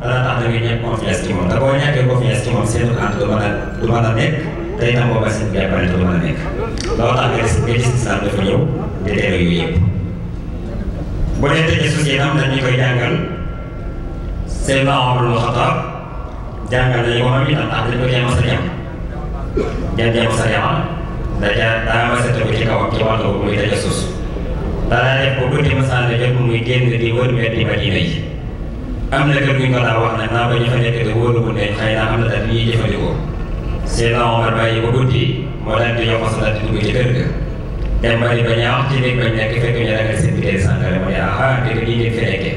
dana tax nga ñàkk confiance ci moom te boo ñàkkee confiance ci moom seen du mën du mën a nekk te itam boo baax seen jàppale du nga gis nga gis islam dafa ñëw di bu dee tëjee suuf si itam dañu koy jàngal Seydina Omar ibn Khattab jàngal nañu ko moom itam tax dañu ko jéem a sa jàmm jëm jéem sa jàmm ndax jaa daa ma sette ko ci kawam ci wàll boobu muy daja suus danaa def ko guddi masalla jot muy génn di wër mbedd di Madina yi am na kër guñ ko daa wax nag naa ko ñu fa nekk te wóolu mun leen xëy na am na daal ñuy jëfandikoo Seydina Omar bàyyi ba guddi moo daal di yoxos daal di dugg ci kër ga dem ba di ba ñaax ci néeg bañ nekk fekk ñu ragal seen bitéel sàngara ma ne ah dëgg lii ngeen fi nekkee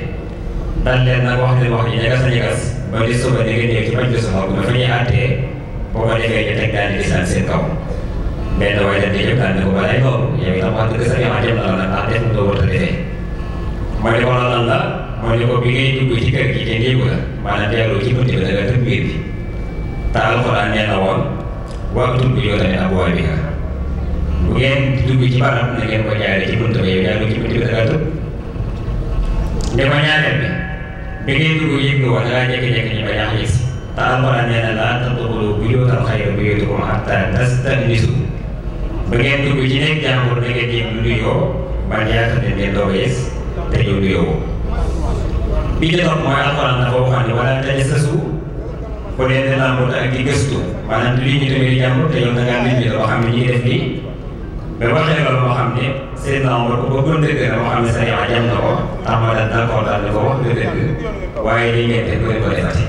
dal leen nag wax leen wax ji ñagas a ñagas ba di suba da ngeen ñëw ci bañ bi suba bu ma fa ñuy àttee boo ko defee ñu teg daal di seen kaw benn waaye dañ koy jëm daal ne ko balaay loolu yow itam wax dëgg sa yow jëm na la nag ah def nga war a defee ma ne ko lan la ma ne ko bi ngay dugg ci kër gi te néegu la maanaam teeloo ci bunt bi da nga tëb biir bi te alxuraan nee na woon waa tudd yoo tamit ab waa bi nga bu ngeen dugg ci barab na ngeen ko jaaree ci bunt ba yow jaaree ci bunt bi da nga tëb ne ko ñaareel bi bi ngay dugg yëg nga woon da ngaa jékki-jékki ñu ba ñaax yëg si te alxuraan nee na laa tadxulu buyuutan xayra buyuutikum hattaa tastanisu ba ngeen dugg ci nekk jàmbur na ngeen yéen nuyoo bal yaakaar ne ngeen doog a yées te ñu nuyoo bi ci topp mooy alxuraan dafa waxoon ne wala daje sa suuf bu dee ne làmbut ak di gëstu maanaam li ñu tamit di jàmbur te yow da ngaa nit ñi loo xam ne ñuy def nii ba waxee loolu moo xam ne seen làmbut ko ba gën dëgg la moo xam ne sa yaxa jam na ko tax ma daal d'accord daal ne ko wax nga dëgg waaye li ngeen def ko defati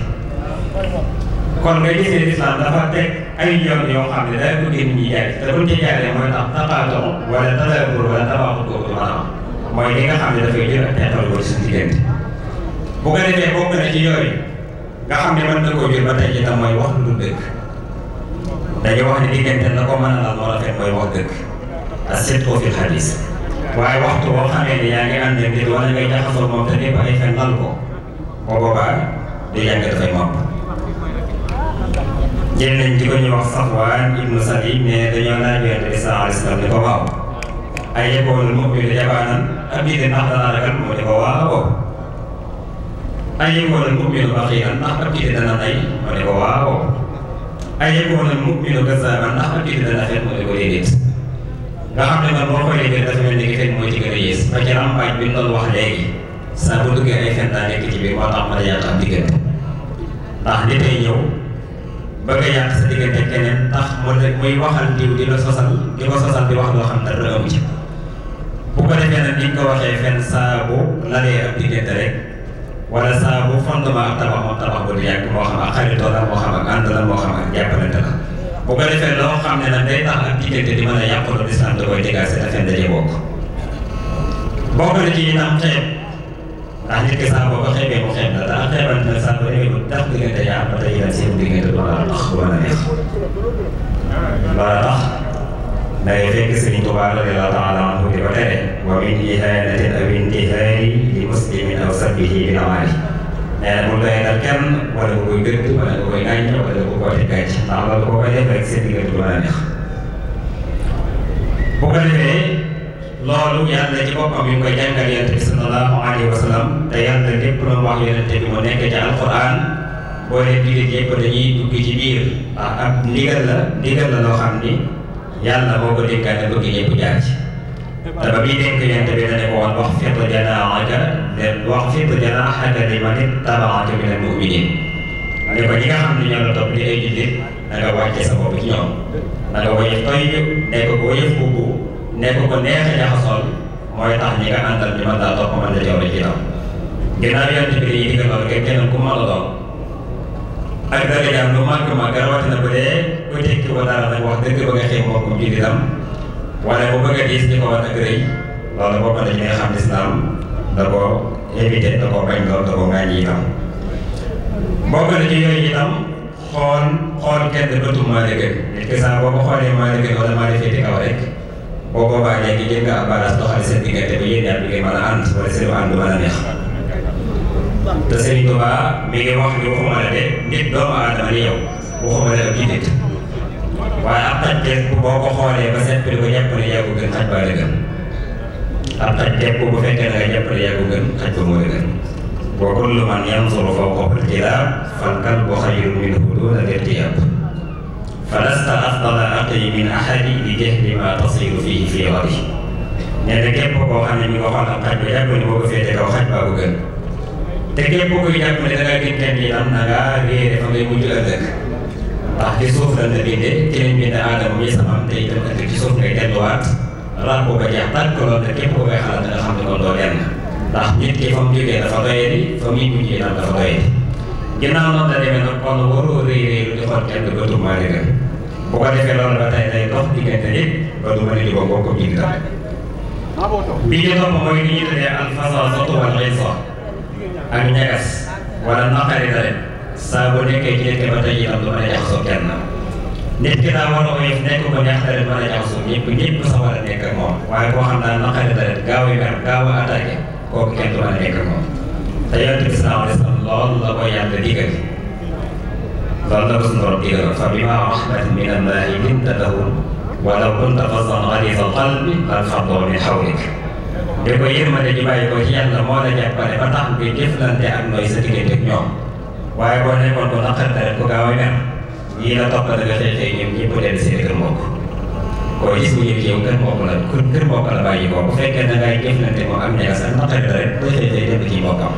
kon nga gisee lislaam dafa teg ay yoon yoo xam ne day bëgg nit ñi jaay te buñ ci mooy tax taqaatoo wala tadabur wala nga xam ne dafay jël ak teetal wala suñu diggante bu ko defee bokk na ci yooyu nga xam ne wax lu dëgg dañuy wax ne ko mën a laal moo rafet mooy wax dëgg as-sidqu fil hadiis waaye waxtu boo xamee ne yaa ngi ànd nit wala ngay jaxasoo moom te lépp ay fen ko bu boobaa du yàgg dafay jël nañ ci ko ñu wax Safwaan ibnu Sali ne dañoo laaj Yonent bi sallallaahu alayhi wa sallam ne ko waaw ay yakunu mu ne ko waaw ay yakunu l-mu'minu baxiilan ndax ab jigéen dana nay ne ko waaw ay yakunu l-mu'minu kazzaaban dana fen mu ne ko déedéet ne man boo xoolee gën dafa mel ni que fen moo ci gën a yées ba bi ñu wax léegi saa bu duggee ay fen daa nekk ci biir tax mën a yàq ab diggante ndax li bëgg a yàq sa diggante keneen tax mu muy waxal diw di la sosal di ko sosal di wax loo xam dara amu ci bu ko defee nag niñ ko waxee fenn saa bu lalee ab diggante rek wala saa bu fondement ak tabax moom tabax bu du yàgg moo xam ak xaritoo la moo xam ak ànd la moo xam ak jàppalante la bu ko defee loo xam ne nag day tax ak diggante di mën a yàqu loolu islam da koy dégagé te fenn daje bokk bokk na ci itam xeet ndax nit ki saa boo ko xeebee mu xeeb la te am xeebal na saa boo demee ba tax diggante yaa am ba tey yéen seen diggante du war a tax wala neex war a tax day fekk Sëriñ Tuubaa radiyallaahu taala anhu di ko tere wa min ihaanatin aw intihaari li muslimin aw sabbihi bi amaali nee na bul doy dal kenn wala nga koy gëdd wala nga koy gàññ wala nga koy gàcc ndax loolu boo ko def rek seen diggante du war a neex bu ko defee loolu yàlla ci boppam mi ngi koy jàngal yonent bi sallallahu alayhi wa sallam te yàlla lépp lu mu wax yonent bi mu nekk ci alquran boo leen jullit yëpp dañuy dugg ci biir ndax ab ndigal la ndigal la loo xam ni yàlla moo ko dénkaane bëgg ñëpp jaar ci te ba muy dénk yonent bi dane ko woon waxfid janaahaka leen waxfid janaahaka liman ittabaaka minal mu'miniin ne ko ñi nga xam ne ñoo la topp di ay jullit da nga wàcce sa bopp ci ñoom da nga woyof toy ne ko boo yëf boobu nekk ko neex a jaxasool mooy tax ñi nga àndal ñu mën daa topp mën da jaww ji tam ginnaaw yonent bi yi digal loolu kenn ku mën a doon ak darajaam lu màgg màgg rawatina bu dee ku tekki ba dara nag wax dëgg ba nga xëy mbokkum jullitam wala bu bëgg a diis ñu ko war a rëy loolu bokk na ci nga xam lislaam da ko éviter da ko bañ lool da ko ŋàññi itam bokk na ci yooyu itam xool xool kenn bëtu maa la gën nit ki saa boo ko xoolee maa la gën wala maa la féete kaw rek boo boobaa léegi jël nga ab balance doxale bi yéen a ànd wala seen ànd du mën a neex te Sëriñ Tuubaa mi ngi wax ni waxuma la de nit doomu aadama ni yow waxuma la ak xaj tepp boo ko xoolee ba seet bi ko jàpp ne yaa xaj ba gën ab xaj tepp bu fekkee na nga jàpp ne yaa ko gën xaj ba moo la gën wa kullu man yanzuru fawqa al-kilaab fal-kalbu xayrun falasta afdala aqli min ahadi li jahli ma tasiru fihi fii wari nee na képp koo xam ne mi nga xool am xaj ba jàpp ne boo ko féete kaw xaj baa ko gën te képp kuy jàpp ne da ngaa gën kenn itam na ngaa réere fa ngay ci suuf la bindee ci lañ bindee aadama mi sama am te itam ëllëg ci suuf ngay delluwaat raab ko ko jeex tàkk loolu nag képp koo koy xalaat da nga xam ne kon doo lenn ndax nit ki fa mu jógee dafa doyadi fa muy mujj itam dafa doyadi bu ko defee loolu ba tey day dox diggante nit ba du mën a jubóo boo ko bind tamit. bi ñu topp mooy li ñuy tuddee alfasasatu wal xisa ak ñagas wala naqari dale saa boo nekkee ci dëkk ba tey itam du mën a jaxasoo kenn. nit ki daa war a oyof nekk ko neex dale mën a jaxasoo ñëpp ñëpp sa war a nekk ak moom waaye koo xam daal naqari dale gaaw a mer gaaw a attaqué kooku kenn du mën a nekk ak moom te yonent bi sallallahu alayhi wa sallam loolu la ko yàlla digal loolu la ko suñu borom digal fa bi maa rahmatin min allahi linta lahum walaw kunta fazzan galiza alqalbi lanfaddu min hawlik di ko yërmande ji bàyyi ko ci yàlla moo la jàppale ba tax nga jëflante ak nooy sa diggante ak ñoom waaye boo nekkoon ko naqarta rek ko gaaw a mer ñii la toppal nga xëy xëy ñoom ñëpp dellu seen kër mbokk koo gis mu kër mbokk la kër mbokk la ko bu fekkee da ngay jëflante moom am ñagas ak naqarta rek ba xëy xëy dem ci mbokkam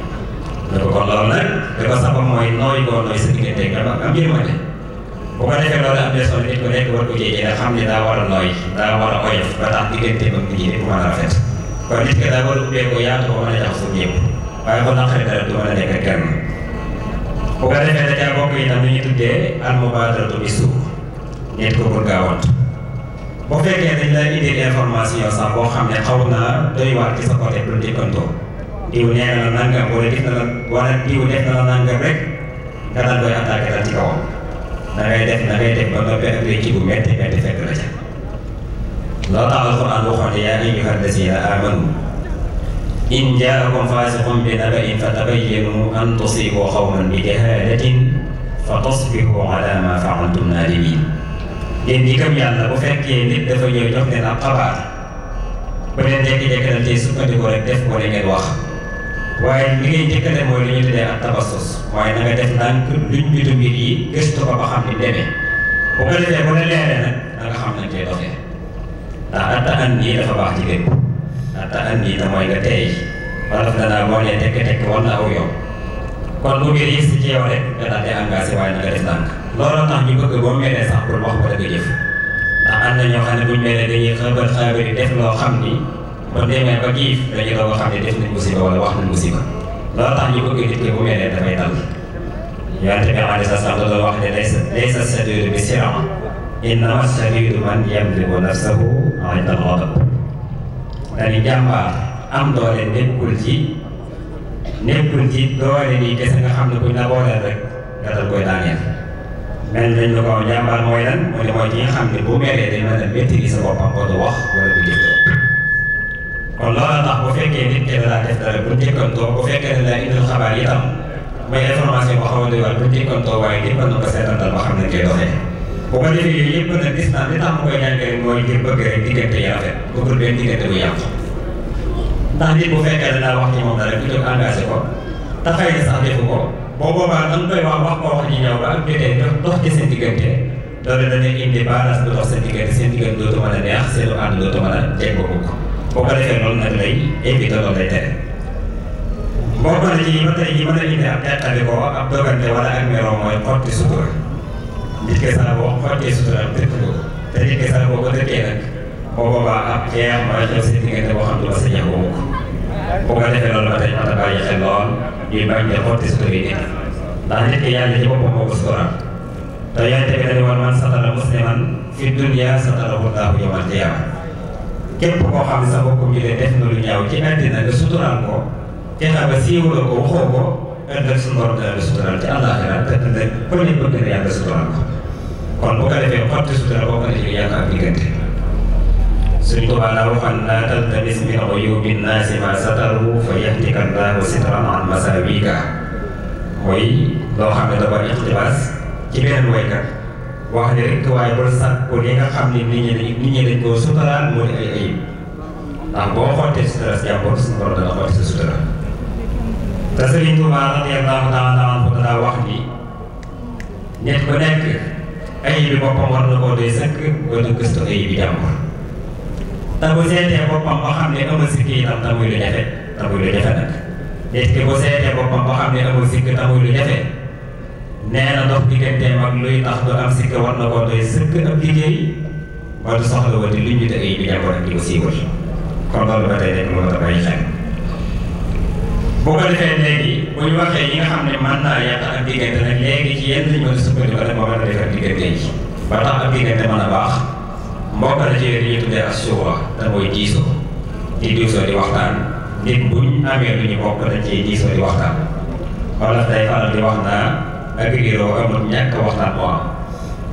ne ko kon loolu nag da ko nooy goon nooy sa diggante ak am yërmande bu ko defee loolu am des nit ku nekk war ko jéggi nga xam ne daa war nooy daa war a oyof ba tax diggante ba mu jéggi rafet kon nit ki ko mën a ko naqari dara du mën a nekk ko defee da caa bokk itam lu ñu tuddee al mubaadaratu bi suuf nit ko ne xaw naa doy waar ci sa côté bul dikkantoo diw nee na la nangam wala def na la wala diw def na la nangam rek nga daan koy attaqué dal ci kawam da ngay def da ngay def ba nga benn kii bu métti métti fekk la ca loolu tax alquran waxoon ne yaa ayyuha allazina amanu in jaakum fasiqun bi naba'in fatabayyanu an tusibu qawman bi jahalatin fa tasbihu ala ma fa'altum nadimin yéen ñi gëm yàlla bu fekkee nit dafa ñëw jox leen ab xabaar bu leen jékki-jékki dal tey sukkandiku rek def ko li ngeen wax waaye li ngay njëkkale mooy li ñu tuddee ak waaye na nga def ndànk luñ bitu mbir yi gëstu ko ba xam ni demee ko defee bu la leeree nag da nga xam nañ koy doxee an nii dafa baax ci lépp atta an nii te mooy nga teey wala danaa boo nee tekk-tekk war na aw yoon kon bu mbir ci yow rek nga daal di waaye na nga def ndànk looloo tax ñu bëgg boo melee sax pour wax ko da nga jëf ndax am na ñoo xam ne buñ melee dañuy xabar xabar def loo xam ba demee ba giif dañu doog a xam ne def nañ musiba wala wax nañ musiba loolu tax ñu bëgg nit ki bu melee dafay dal yonente bi alayhi salaam loolu wax ne laysa laysa sadiidu bi sirama innama sadiidu man yamliku nafsahu inda al-ghadab dañu jàmbaar am doole nekkul ci nekkul ci doole nii kese nga xam ne buñ la booleel rek nga dal koy daaneel mel nañ la ko jàmbaar mooy lan mu ne mooy ñi nga xam ne bu melee day mën a maîtriser boppam ko du wax wala du jëf kon loola tax bu fekkee nit ki daa def dara bu njëkkantoo bu fekkee ne daa indil xabaar yi tam mooy information boo xamante ni bu njëkkantoo waaye lépp mën na ko seetantal ba xam ne koy doxee bu ko defee yooyu yëpp nag gis naa li tax mu koy ñàkk rek mooy ngir bëgg rek diggante yi rafet bëggul benn diggante bu yàqu ndax nit bu fekkee ne daa wax ci moom dara bu jóg engagé ko te xëy na sax defu ko boo boobaa da nga koy wax wax ko wax ji ñëw ba ak jotee dox ci seen diggante loolu dana indi baras bu dox seen diggante seen diggante dootu mën a neex seenu ànd dootu mën a teg ko boo ko defee loolu nag lay éviter loolu lay tere bokk na ci ba tey yi mën a indi ab ab dogante wala ak mooy xotti sutura sutura am sa boo ko defee loolu ba tey mat a bàyyi xel lool ñuy sutura yi nit ndax nit ki yàlla ci boppam moo ko suturaal te yonent bi dañu woon man satara musliman fi dunya satarahu llahu képp koo xam sa mbokkum jullit def nga lu ñaaw ci àddina nga suturaal ko fexe ba siiwuloo ko waxoo ko ëllëg suñu borom dana la suturaal ci àllaaxira ko ñu bëgg na yàlla ko kon bu ko defee xotti sutura boo ko defee yàq ak diggante suñ Tuubaa la waxoon laa taltabis min uyuubi naasi maa sataru fa yahtika llaahu sitran an masaawiika mooy loo xam ne dafa iqtibaas ci beneen waykat wax ne rek waaye bul sàkk ko li nga xam ne nit ñi dañ nit ñi dañ koo suturaal moo di ay ayib ndax boo xottee sutura si jàmbur suñu borom dana xotti sa sutura te Sëriñ Tuubaa radiyallaahu taala anhu daa wax ni nit ku nekk ayib bi boppam war na koo doy sëkk ba du gëstu ayib bi jàmbur te bu seetee boppam ba xam ne amul sikk itam te muy lu jafe te muy lu jafe nag nit ki bu seetee boppam ba xam ne amul sikk te muy lu jafe nee na dox digganteem ak luy tax du am sikk war na koo doy sëkk ab liggéey ba du soxla wati luñ ñu te ay bi jàppoon ak di ko siiwal kon loolu ba tey rek moo tax bàyyi xel bu ko defee léegi bu ñu waxee yi nga xam ne mën naa yàq ak diggante nag léegi ci yenn li ñu sukkandiku rek moo mën a def ak diggante yi ba tax ak diggante mën a baax mbokk la ci li ñu tuddee as-suura te mooy diisoo di diisoo di waxtaan nit buñ amee lu ñu bokk dañ cee diisoo di waxtaan wala day faral di wax naa ak réeroo amul ñàkk waxtaan moo am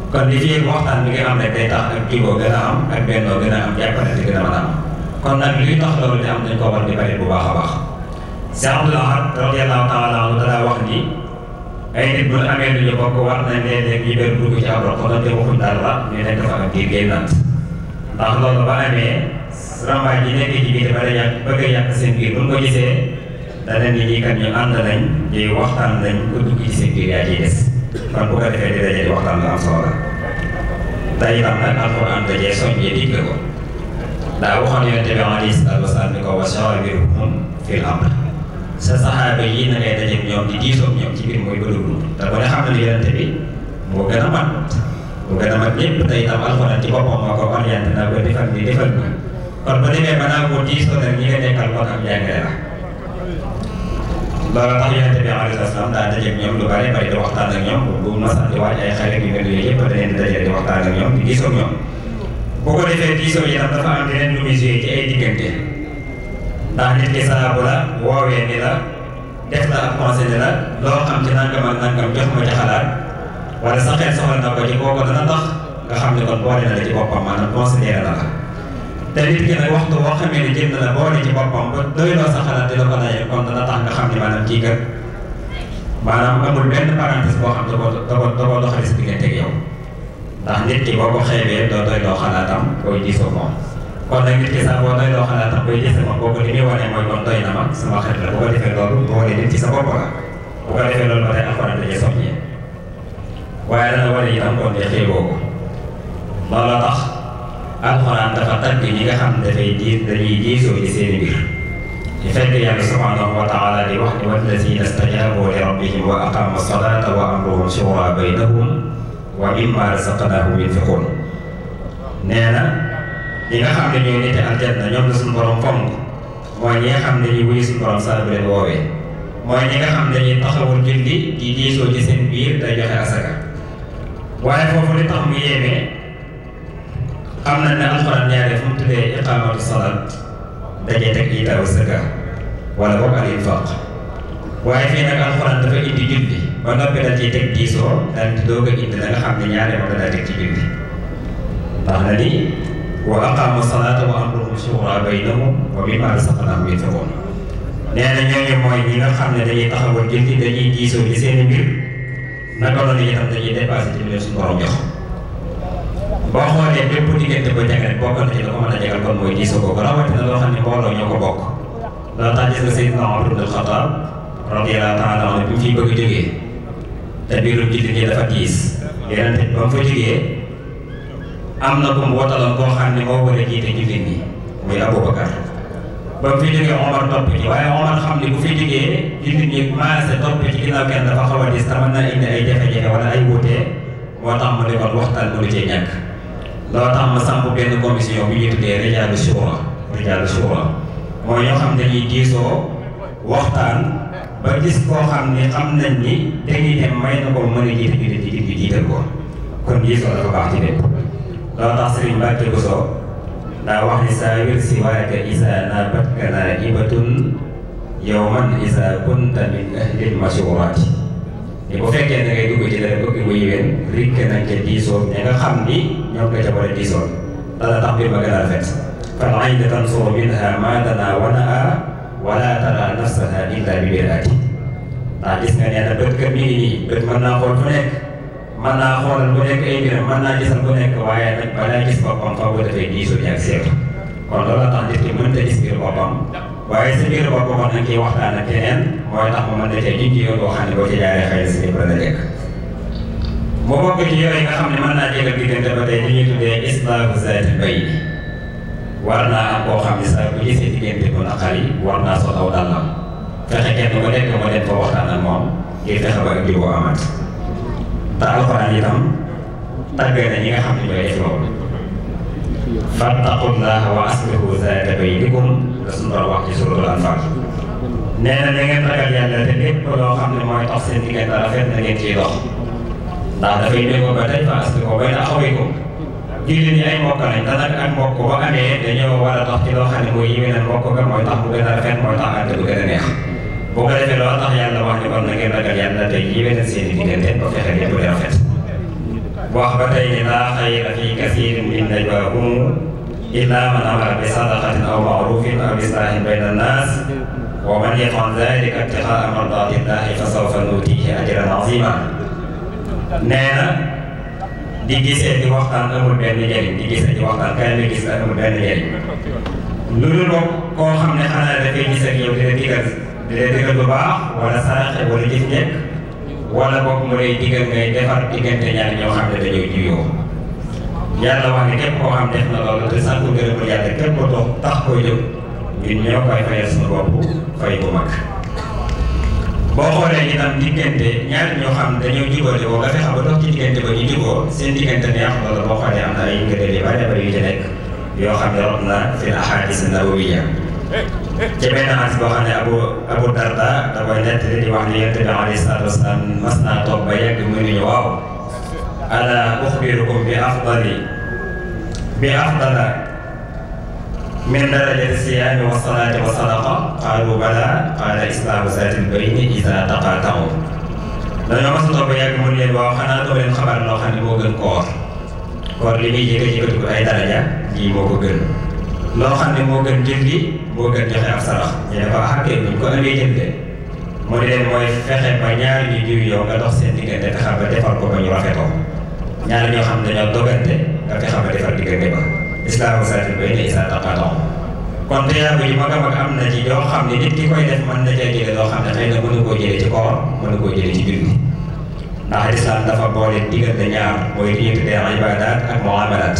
kon li fi waxtaan bi nga am rek day tax ak juboo gën a am ak bennoo gën a am jàppalante gën a a am ko a baax si Abdul wax ni ay nit bu amee lu ñu bokk war nañ léeg-léeg ñu bëri dugg ko doonte waxuñ dara ñu nekk fa ak diir gay nant ndax loolu ba amee rambaaj yi nekk ci biir ba yàq seen biir buñ ko gisee dana ni ñi kat ñu ànd nañ waxtaan nañ ko dugg ci seen biir yaa kon bu ko defee di waxtaan la am solo la tey itam nag alxuraan dajee soññee digle ko daa waxoon yonte bi alayhi salaatu wasalaam ni ko wa fil amr sa saxaaba yi na ngay dajeeg ñoom di diisoog ñoom ci biir mooy bëri wu te bu ne xam na ni yonte bi moo gën a mat moo gën a mat ñëpp tey itam alxuraan ci boppam moo ko kon ba naa kon am jàngale la. loolu tax yonente bi alayhi salaam daa dajeeg ñoom lu bare bari di waxtaan ñoom bu masaan di waaj ay xale yu ko defee diisoo yi nag dafa am yeneen lu def la ab conseil ni la loo xam ci nangam ak nangam jox ma ci xalaat wala sa xel soxla na ko ci kooku dana tax nga xam ne kon boole na la ci boppam maanaam considéré na la te nit ki nag waxtu boo xamee ne jënd la boole ci boppam ba doyloo sa xalaat di la ko laajee kon dana tax nga xam ne maanaam kii kat maanaam amul benn parenthèse boo xam da koo da koo da koo doxalee si diggante ak yow ndax nit ki boo ko xeebee doo doyloo xalaatam koy gisoo moom kon nag nit ki sax boo doyloo xalaatam koy gisoo moom boobu li muy wane mooy kon doy ma sama xarit la bu ko defee loolu boole nit ci sa bopp la bu ko defee loolu ba tey alxuraan dañuy alxuraan dafa tagg ñi nga xam dafay diis dañuy diisoo ci seeni biir di fekk yàlla subhaanahu wa taala di wax ni wallazina stajaabu li rabbihim wa aqaamu salaata wa amruhum shuuraa baynahum wa mimmaa razaqnaahum yunfiquun nee na ñi nga xam ne ñoo nite aljanna ñoom la suñu borom fonk mooy ñi nga xam ne ñuy wuyu suñu borom saa bu leen woowee mooy ñi nga xam ne ñuy taxawul julli di diisoo ci seen biir day joxe asaka waaye foofu li tax mu yéeme xam na ne alxuraan ñaare fu mu tuddee iqaamatu salaat daje teg itaaw zaka wala boog al infaq waaye fii nag alxuraan dafa indi julli ba noppi daal ciy teg diisoo daal di doog a indi la nga xam ne ñaare moom la daa teg ci julli ndax na ni wa aqaamu salaata wa amruhum shuuraa baynahum wa mimmaa razaqnaahum yunfiquun mooy ñi xam ne dañuy taxawal julli dañuy diisoo ci seen i mbir naka la ñuy tax dañuy dépassé ci biir suñu borom jox. boo xoolee bépp diggante bu jag rek bokk na ci la ko mën a jagal kon xam ne mbooloo ñoo ko bokk loolu tax gis nga Seydina Omar ibn Xattaab radiyallaahu taala anhu bi mu fiy bëgg a jógee te biirum jullit ñi dafa diis yeneen it ba mu fa jógee am na ku mu wootaloon koo xam ne moo war a jiite jullit ñi muy Aboubacar ba mu fi jógee Omar topp ci waaye Omar xam ne bu fi jógee jullit ñi commencé topp ci ginnaaw kenn dafa xaw a diis te naa indi ay jafe-jafe wala ay wuute looloo tax ma samp benn commission bu ñuy tuddee rijaalu shura rijaalu shura mooy ñoo xam dañuy diisoo waxtaan ba gis koo xam ne xam nañ ni ko ko kon diisoo dafa baax ci lépp looloo ni saa wir si diisoo ña nga xam ni ñoo ko ca war diisoon dana tax mbir ma gën a rafet fal ayna tansuru minha ma dana wanaa wala tara nafsaha illa bi miraati ndax gis nga nee na bët ka mi nii bët mën naa xool fu nekk mën naa xoolal bu nekk ay mbiram mën naa gisal bu nekk waaye nag balaa gis boppam faaw dafay diisoo ñàkk seetu kon loolu tax nit ki mënta gis biir boppam waaye sa biir boppam nag kiy waxtaan keneen mooy tax mu mën na cee junj yoon boo xam ne ci jaaree mu bokk ci yooyu nga xam ne mën naa jégal diggante ba tey li ñuy tuddee islaamu zaati bay war naa koo xam ne sax bu gisee diggante bu naqari war naa sot aw dàllam fexe kenn ku nekk mu dem fa waxtaan ak moom ngir fexe ba ak juboo amat te alxuraan itam tàggee na ñi nga xam ne ñooy def loolu fattaqullaha wa aslihu zaata baynikum la suñu doon wax ci suratul anfaal nee na da ngeen ragal yàlla te lépp loo xam ne mooy tax seen diggante rafet na ngeen ciy ndax dafay demoon ba tey parce que bay na xawee ko jullit ñi ay mbokk lañ te nag ak mbokk ba amee dañoo war a tax ci loo xam ne mooy yéwénal mbokk ga mooy tax bu gën a rafet mooy tax ànd bu gën a neex bu ko defee loolu tax yàlla wax ne kon na ngeen ragal yàlla te yéwénal seen i diggante ba fexe lépp di rafet. wax ba tey ne laa xayra fi kasiirin min najwaahum illaa man amara bi sadaqatin aw ma'ruufin aw islaahin bayna an-naas wa man yaf'al zaalika ibtighaa'a mardaati llaahi fa sawfa nuutiihi ajran aziiman nee di gisee di waxtaan amul benn njëriñ di gisee di waxtaan kaay la gis la amul benn njëriñ lu dul koo xam ne xanaa dafay gis ak di la digal di la digal lu baax wala saraxe wala jëf njëkk wala boog mu lay digal ngay defar diggante ñaar ñoo xam ne dañoo juyoo yàlla wax ne képp koo xam def na loolu te sàkku ngërëmul yàlla képp ko dox tax koo jóg ñun ñoo koy fayal suñu bopp fay bu mag. boo xoolee itam diggante ñaari ñoo xam dañoo jubóote boo nga fexe ba dox ci diggante ba ñu jubóo seen diggante neex loolu boo xoolee am na ay ngëneel yu bari bari yu ci nekk yoo xam ne rot na fi l ahadis nabawiya ci benn hadis boo xam ne abu darda da koy nettali di wax ne yonent bi salaatu wasalaam mas naa toog ba yegg mu ñu waaw ala uxbirukum bi afdali bi afdala min darajati siyaami a toog ba yàgg mun leen li muy yëkkati yëkkatiku ay daraja ji moo ko gën loo ko xàkkee ah, buñ ko amee jëndee mu ne ba ñaari ñu jiw yow nga dox ñoo xam ne dañoo dogante nga fexe ba diggante ba. islaamu saati ba illa isaa taqaataw kon teyaabu yi mag a mag am na ci yoo xam ne nit ki koy def mën na cee jële loo xam ne xëy na mënu jële ci koor mënu jële ci julli ndax lislaam dafa boole diggante ñaar mooy li ñu tuddee ak muamalaat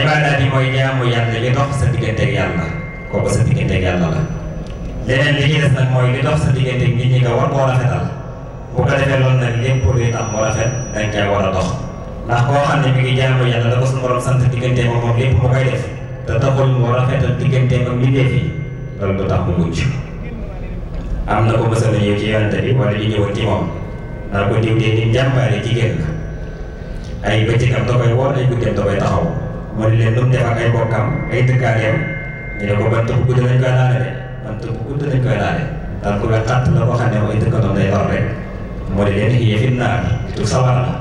ibaadaat yi mooy jaamu yàlla li dox sa digganteeg yàlla kooku sa digganteeg yàlla la leneen li ñuy nag mooy li dox sa digganteeg nit ñi nga war koo rafetal bu ko defee loolu nag tax mu ndax koo xam ne mi ngi jaamu yàlla la ko suñu borom sant diggante moom moom lépp mu koy def te taxul mu rafetal diggante ba mbindeef yi loolu du tax mu mucc am ko mës a ñëw ci yonent bi wala ñu ñëwoon ci moom ay bëccëgam da koy woor taxaw mu ne leen lu mu def ak ay ay dëkkaaneem ñu ko bant bu gudd lañ koy laale de bant bu gudd lañ koy laale ndax ne xàtt la ko xam ne rek mu ne leen xiye fi naar tu sawar la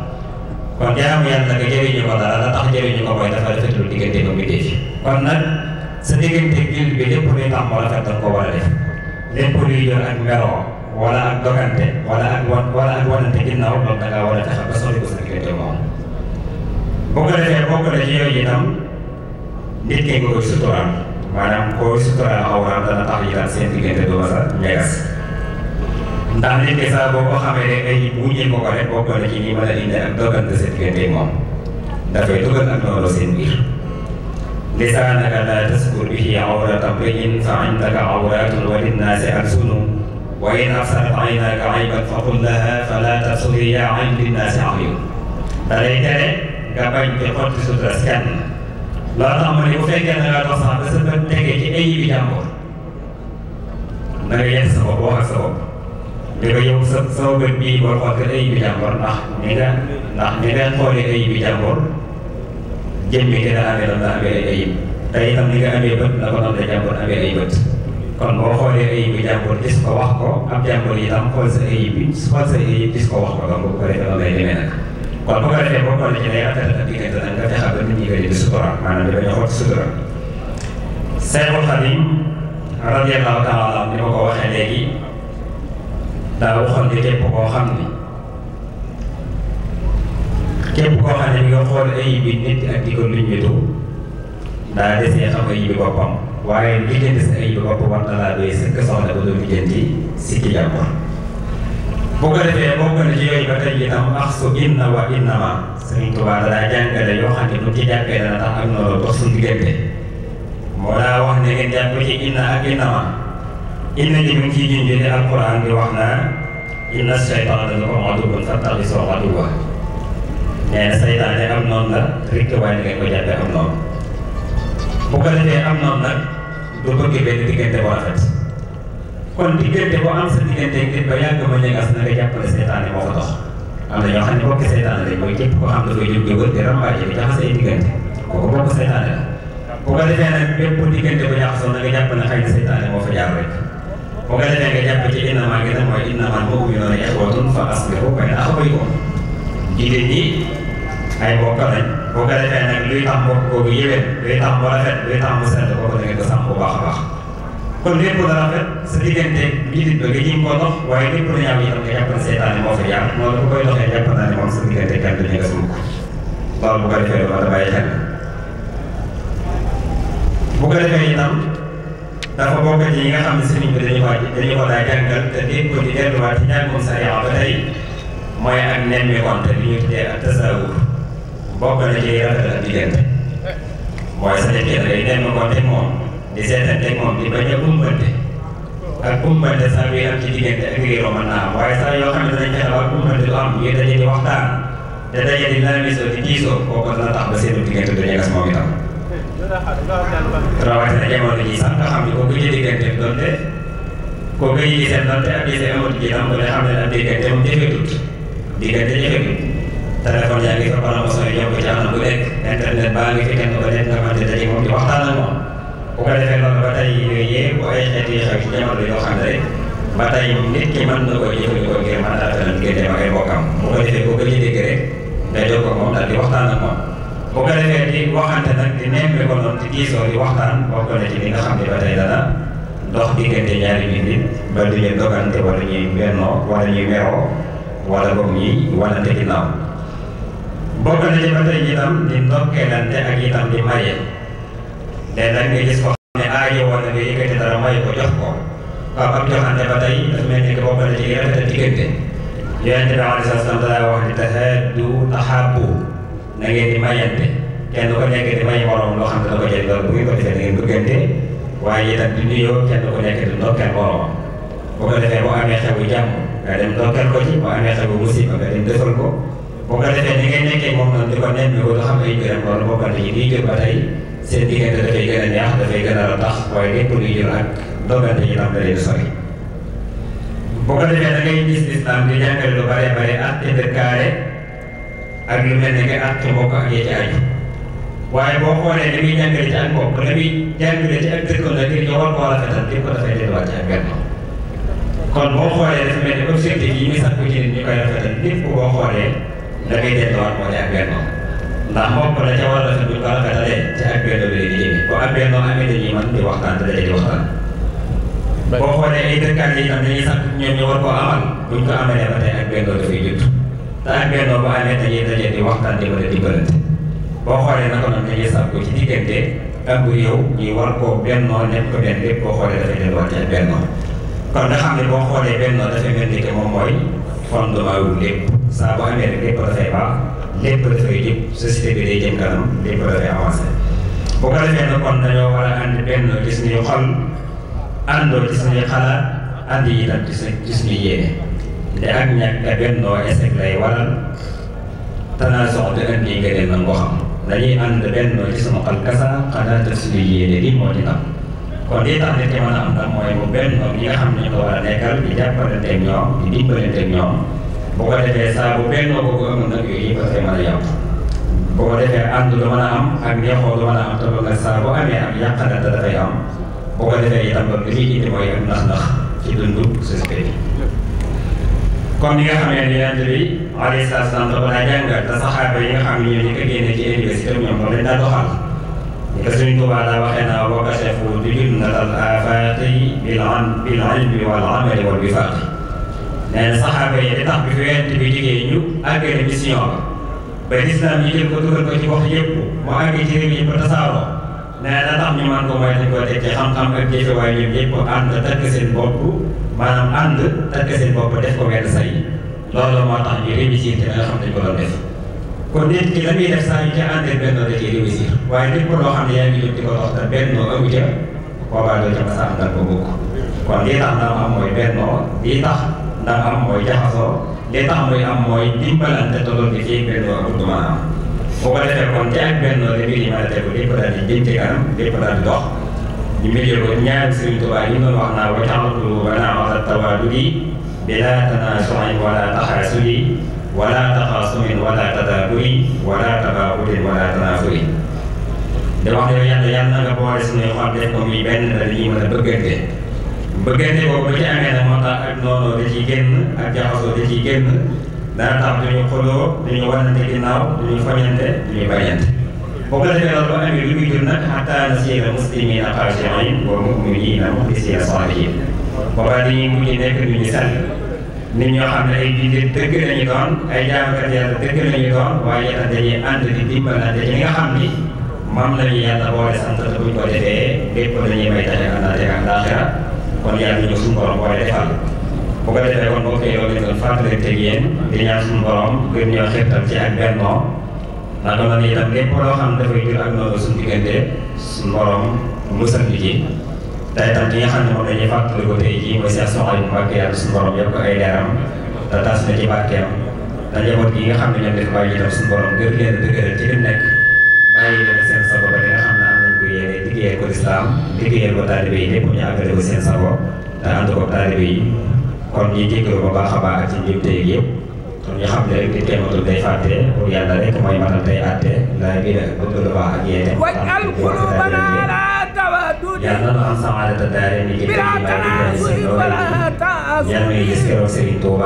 kon jaamu yàlla nga jëriñu ko tax jëriñu ko mooy dafa rafetul diggante ba mbindéef yi kon nag sa diggante gil bi lépp luy tax mu rafet dañ ko war a def lépp ak meroo wala ak dogante wala ak wan wala ak wanante ginnaaw loolu da ngaa war a sa diggante moom boo ko defee bokk na nit ki nga koy suturaal maanaam koo suturaal awraam dana tax itam seen diggante du ma sa ndax nit ki sax boo ko xamee ne ay wuññil ko ko rek boo toll ci a indi ak doggante sa diggante bihi awrata mri'in fa indaka awratun wa linnaasi alsunu wa in absarat aynaka ayban fa qul laha fala tabsuri yaa ayn linnaasi ayun tere nga bañ te xotti sutura si bu fekkee ne nga dox sax ba bi jàmbur na nga yegg di ko yow sa sama bët bii boo xool kat ayib bi jàmbur ndax ñi nga ndax ñi nga xoolee ayib bi jàmbur jëmmi ki nga amee lan la amee ay ayib te itam ni nga amee bët la ko doon da jàmbur amee ay bët kon boo xoolee ayib bi jàmbur gis ko wax ko ab jàmbur itam xool sa ayib bi xool sa ayib gis ko wax ko donc bu ko defee loolu lay demee nag kon bu ko defee boo xoolee ci day rafetal ak diggante nag nga fexe ba nit ñi koy di sutura maanaam di bañ a xool sutura Seexul Xadim radiyallaahu taala ni ma ko waxee léegi daa waxoon ne képp koo xam ne képp koo xam ne mi nga xool ayib bi nit ak di ko luñ witu daa desee xam ayib bi boppam waaye li jënd si ayib bi bopp war na laa doy sëkk soxla ba doomu jëndi sikki jàmbur bu ko defee bokk na ci yooyu ba tey itam axsu inna wa innama Sëriñ Tuubaa daa jàngale yoo xam ne bu ci jàppee dana tax ak noonu dox suñu diggante moo daa wax ne ngeen jàpp ci inna ak innama inna ji mi ngi ciy junj ne alquran bi wax naa inna seytaane lakum aduwwun fattaxisuuhu aduwwan nee na seytaane am noonu la rikk waaye da ngeen ko jàppee am noonu bu ko defee am noonu nag du bëgg benn diggante bu rafet kon diggante bu am sa diggante nit ba yàgg ma ñëgas na nga jàppale seytaane moo ko dox am na ñoo xam ne bokk seytaane lañ mooy képp koo xam dafay jóg di wër di rambaaje di jaxase ay diggante kooku bokk seytaane la bu ko defee nag bépp diggante bu jaxasoo na nga jàpp ne xëy na seytaane moo fa jaar rek bu ko defee nga jàpp ci innamaa gi nag mooy innamaa mu'minuuna ixwatun fa aslihu bayna axawaykum jigéen ñi ay bokk lañ bu ko defee nag luy tam luy tam bu rafet luy tam bu sell kooku da ngeen ko sàmm bu baax a baax kon lépp la rafet sa diggante jullit ba nga jëm ko dox waaye lépp lu ñaaw itam nga jàpp ne seytaane moo fa noonu bu koy doxee jàpp naa ne moom kenn du ñu nga sumb loolu bu ko defee lu war a bàyyi xel bu ko dafa bokk ci nga xam ne sëriñ bi dañu ko dañu ko daa jàngal te dégg ko di delluwaat ci njàngum sariya ba tey mooy ak nemmikonte li ñu tuddee ak tasawur ci rafetal ak diggante mooy sa jëkkër day nemmikonte moom di seetante moom di bañ a bumbante ak bumbante saa yuy am ci diggante ak réeroo mën naa am waaye yoo xam ne danañ fexe ba bumbante du am ñuy daje di waxtaan te daje di laa misoo di diisoo kooku dana tax ba seenu diggante dañuy gas moom rawatina jamono ji sax nga xam ne kooku ci diggante donte kooku yi di seen donte ak yi seen ji tam ko xam ne ab diggante moom jafetut diggante jafetut téléphone yaa ngi fa bala ma sooy ñëw ko ci anam bu nekk internet baa ngi fi kenn ko nekk nga xamante daje moom di waxtaan ak moom bu ko defee loolu ba tey yooyu yëpp bu yi xew ci jamono yoo xam rek ba tey nit ki mën na ko jëfandikoo ngir mën a dara diggante ma ay bokkam bu ko defee boo ko ci dégg rek nga jokkoo moom daal di waxtaan moom bu ko defee di waxante nag di nembe ko noonu di diisoo di waxtaan bokk na ci li xam ne ba tey dana dox diggante ñaari nit ba du ñu dogante wala ñuy bennoo wala ñuy meroo wala boog ñuy wanante ginnaaw bokk na ci ba tey itam di ndokkeelante ak itam di maye léeg-léeg gis ko xam ne aajo woon na nga yëkkati dara may ko jox ko waaw ab joxante ba tey dafa mel ni que bokk na ci rafetal diggante na ngeen di mayante kenn ku nekk di may moroom loo xam ne da ko jël loolu bu ngeen ko defee da ngeen bëggante waaye itam di nuyoo kenn ku nekk di ndokkeel moroomam bu ko defee boo amee xewu jàmm nga dem ndokkeel ko ci boo amee xewu musiba nga dem defal ko ko defee ni ngay nekkee moom di ko nemmi ko xam ay mbiram loolu bokkante yi di jël ba tey seen diggante dafay gën a neex dafay gën a ratax waaye lépp luy jël ak doggante yi tam da leen sori bu ko defee da ngay gis lislaam di jàngale lu bare bare ak lu mel ne nga àtt mbokk ak yee ci aju waaye boo xoolee li muy jàngale ci ak mbokk li muy jàngale ci ak dëkkam la ngir ñu war koo rafetal lépp dafay delluwaat ci ak benn kon boo xoolee dafa mel ne objectif yi ñu sàkku ci nit ñi koy rafetal lépp boo xoolee da ngay delluwaat moo ci ak benn ndax mbokk la ca war a rafet bu ñu ko rafetalee ci ak benn bi la ñu jëmee bu ak benn amee dañuy mën di waxtaan te dañuy waxtaan. boo xoolee ay dëkkaan yi tam dañuy sàkk ñoom ñu war koo amal bu ñu ko amalee ba tey ak benn dafay jot. te ak bennoo bu amee dañuy daje di waxtaan di wala di bërante boo xoolee naka noonu dañuy sàkku ci diggante ak bu yow ñuy war koo bennoo nekk ko benn lépp boo xoolee dafay delluwaat ci bennoo kon nga xam ne boo xoolee bennoo dafay mel ni que moom mooy fondement wu lépp saa boo amee rek lépp dafay baax lépp dafay jëm société bi day jëm kanam lépp dafay avancé bu ko defee nag kon dañoo war a ànd benn ci suñuy xol àndoo ci suñuy xalaat ànd yi tam ci suñuy yéene. te ak ñàkk a bennoo échec lay waral tanaasox te indi ngëneel man boo xam dañuy ànd bennoo ci sama xol kasa xanaa te suñu yéene moo di ndam kon li tax nit ki mën a am ndam mooy bu bennoo ñi nga xam ne ñu ko war a nekkal di jàppalanteeg ñoom di dimbalanteeg ñoom bu ko defee saa bu bennoo ko ko amul nag yooyu yëpp dafay mën a yàqu bu ko defee ànd lu mën a am ak neexoo lu mën a am te loolu nag saa bu amee am yàqalante dafay am bu ko defee itam loolu li muy indi mooy am ndax-ndax ci dundu société bi comme ni nga xamee ne yonent salaam dafa daa jàngal saxaaba yi nga xam ne ñoo ñu ko génne ci université bi ñoom loolu lañ daa doxal ni ko suñu Tuubaa daa waxee naa wa kashafu junnatal afaaqi bil ilmi wal amali wal wifaaq nee na saxaaba yi di tax bi fi yonent bi jógee ñu àggale mission ba ba lislaam yi jël ko dugal ko ci wax yëpp mu àgg ci réew ba tasaaroo nee na tax ñu man ko mooy dañ koy teg ci xam-xam ak jëfe waaye ñoom ñëpp ànd takk seen bopp maanaam ànd takk bopp def ko wenn say loolu moo tax ñu réussir te nga xam dañ ko doon def kon nit ki la muy def saa yu ca àndee benn da ciy réussir waaye lépp loo xam ne yaa ngi jëm ko dox te benn amu ca boobaa doo ca mës a am ko kon lii tax ndam am mooy benn lii tax ndam am mooy jaxasoo lii tax muy am mooy dimbalante a boo ko defee kon ci ak benn noonu mbir yi mën a tegu lépp daal di jëm ci kanam lépp daal di dox ñu mbir yoo ko ñaari Serigne Touba yi doon wax naa wa taxawtu ba naa wax tawaadudi bila tanaasuin wala taxaasudi wala taxaasumin wala tadaaburi wala tabaagudin wala tanaafuri da wax ne yàlla yàlla na nga boole suñuy xol def ko muy benn la li ñuy mën a bëggante bëggante boobu ba ci amee nag moo tax ak noonu da ciy génn ak jaxasoo da ciy génn dana tax duñu xuloo duñu wanante ginnaaw duñu foñante duñu bañante boo ko defee yàlla nga xam ni moom boole sant te buñ ko defee lépp dañuy may taxe àndaate ak laaxira kon yàlla ñu suñu borom defal bu ko defee kon mbokk yow li ñu doon fàttalante ak yéen di ñaan suñu borom gën ñoo xirtal ci ak bennoo ndax dama ne itam lépp loo xam dafay jur ak noonu suñu diggante suñu borom te itam ki yëpp ay leeram te tas ci barkeem te njaboot gi nga xam ne ñoom dafa bàyyi itam suñu borom gën leen dëgëral ci lim nekk bàyyi leen seen ne ko yéene liggéeyal ko ko taalibe yi lépp ñu te ko taalibe yi kon ñi jégalu ba baax a baax ak ci kon ñu xam ne rek nit kenn matul day fàtte pour yàlla rek mooy matal tey àtte lu baax ak yéene. yàlla na am samaadata daare ni jënd yi ba di seen loolu ñaan may gis keroog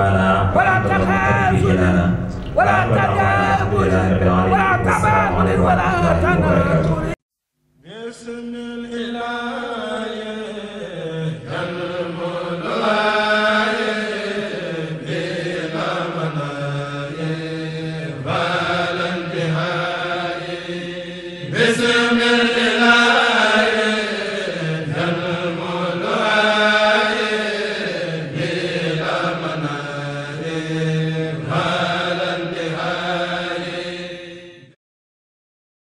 wala tajaabul wala tabaamul wala tabaamul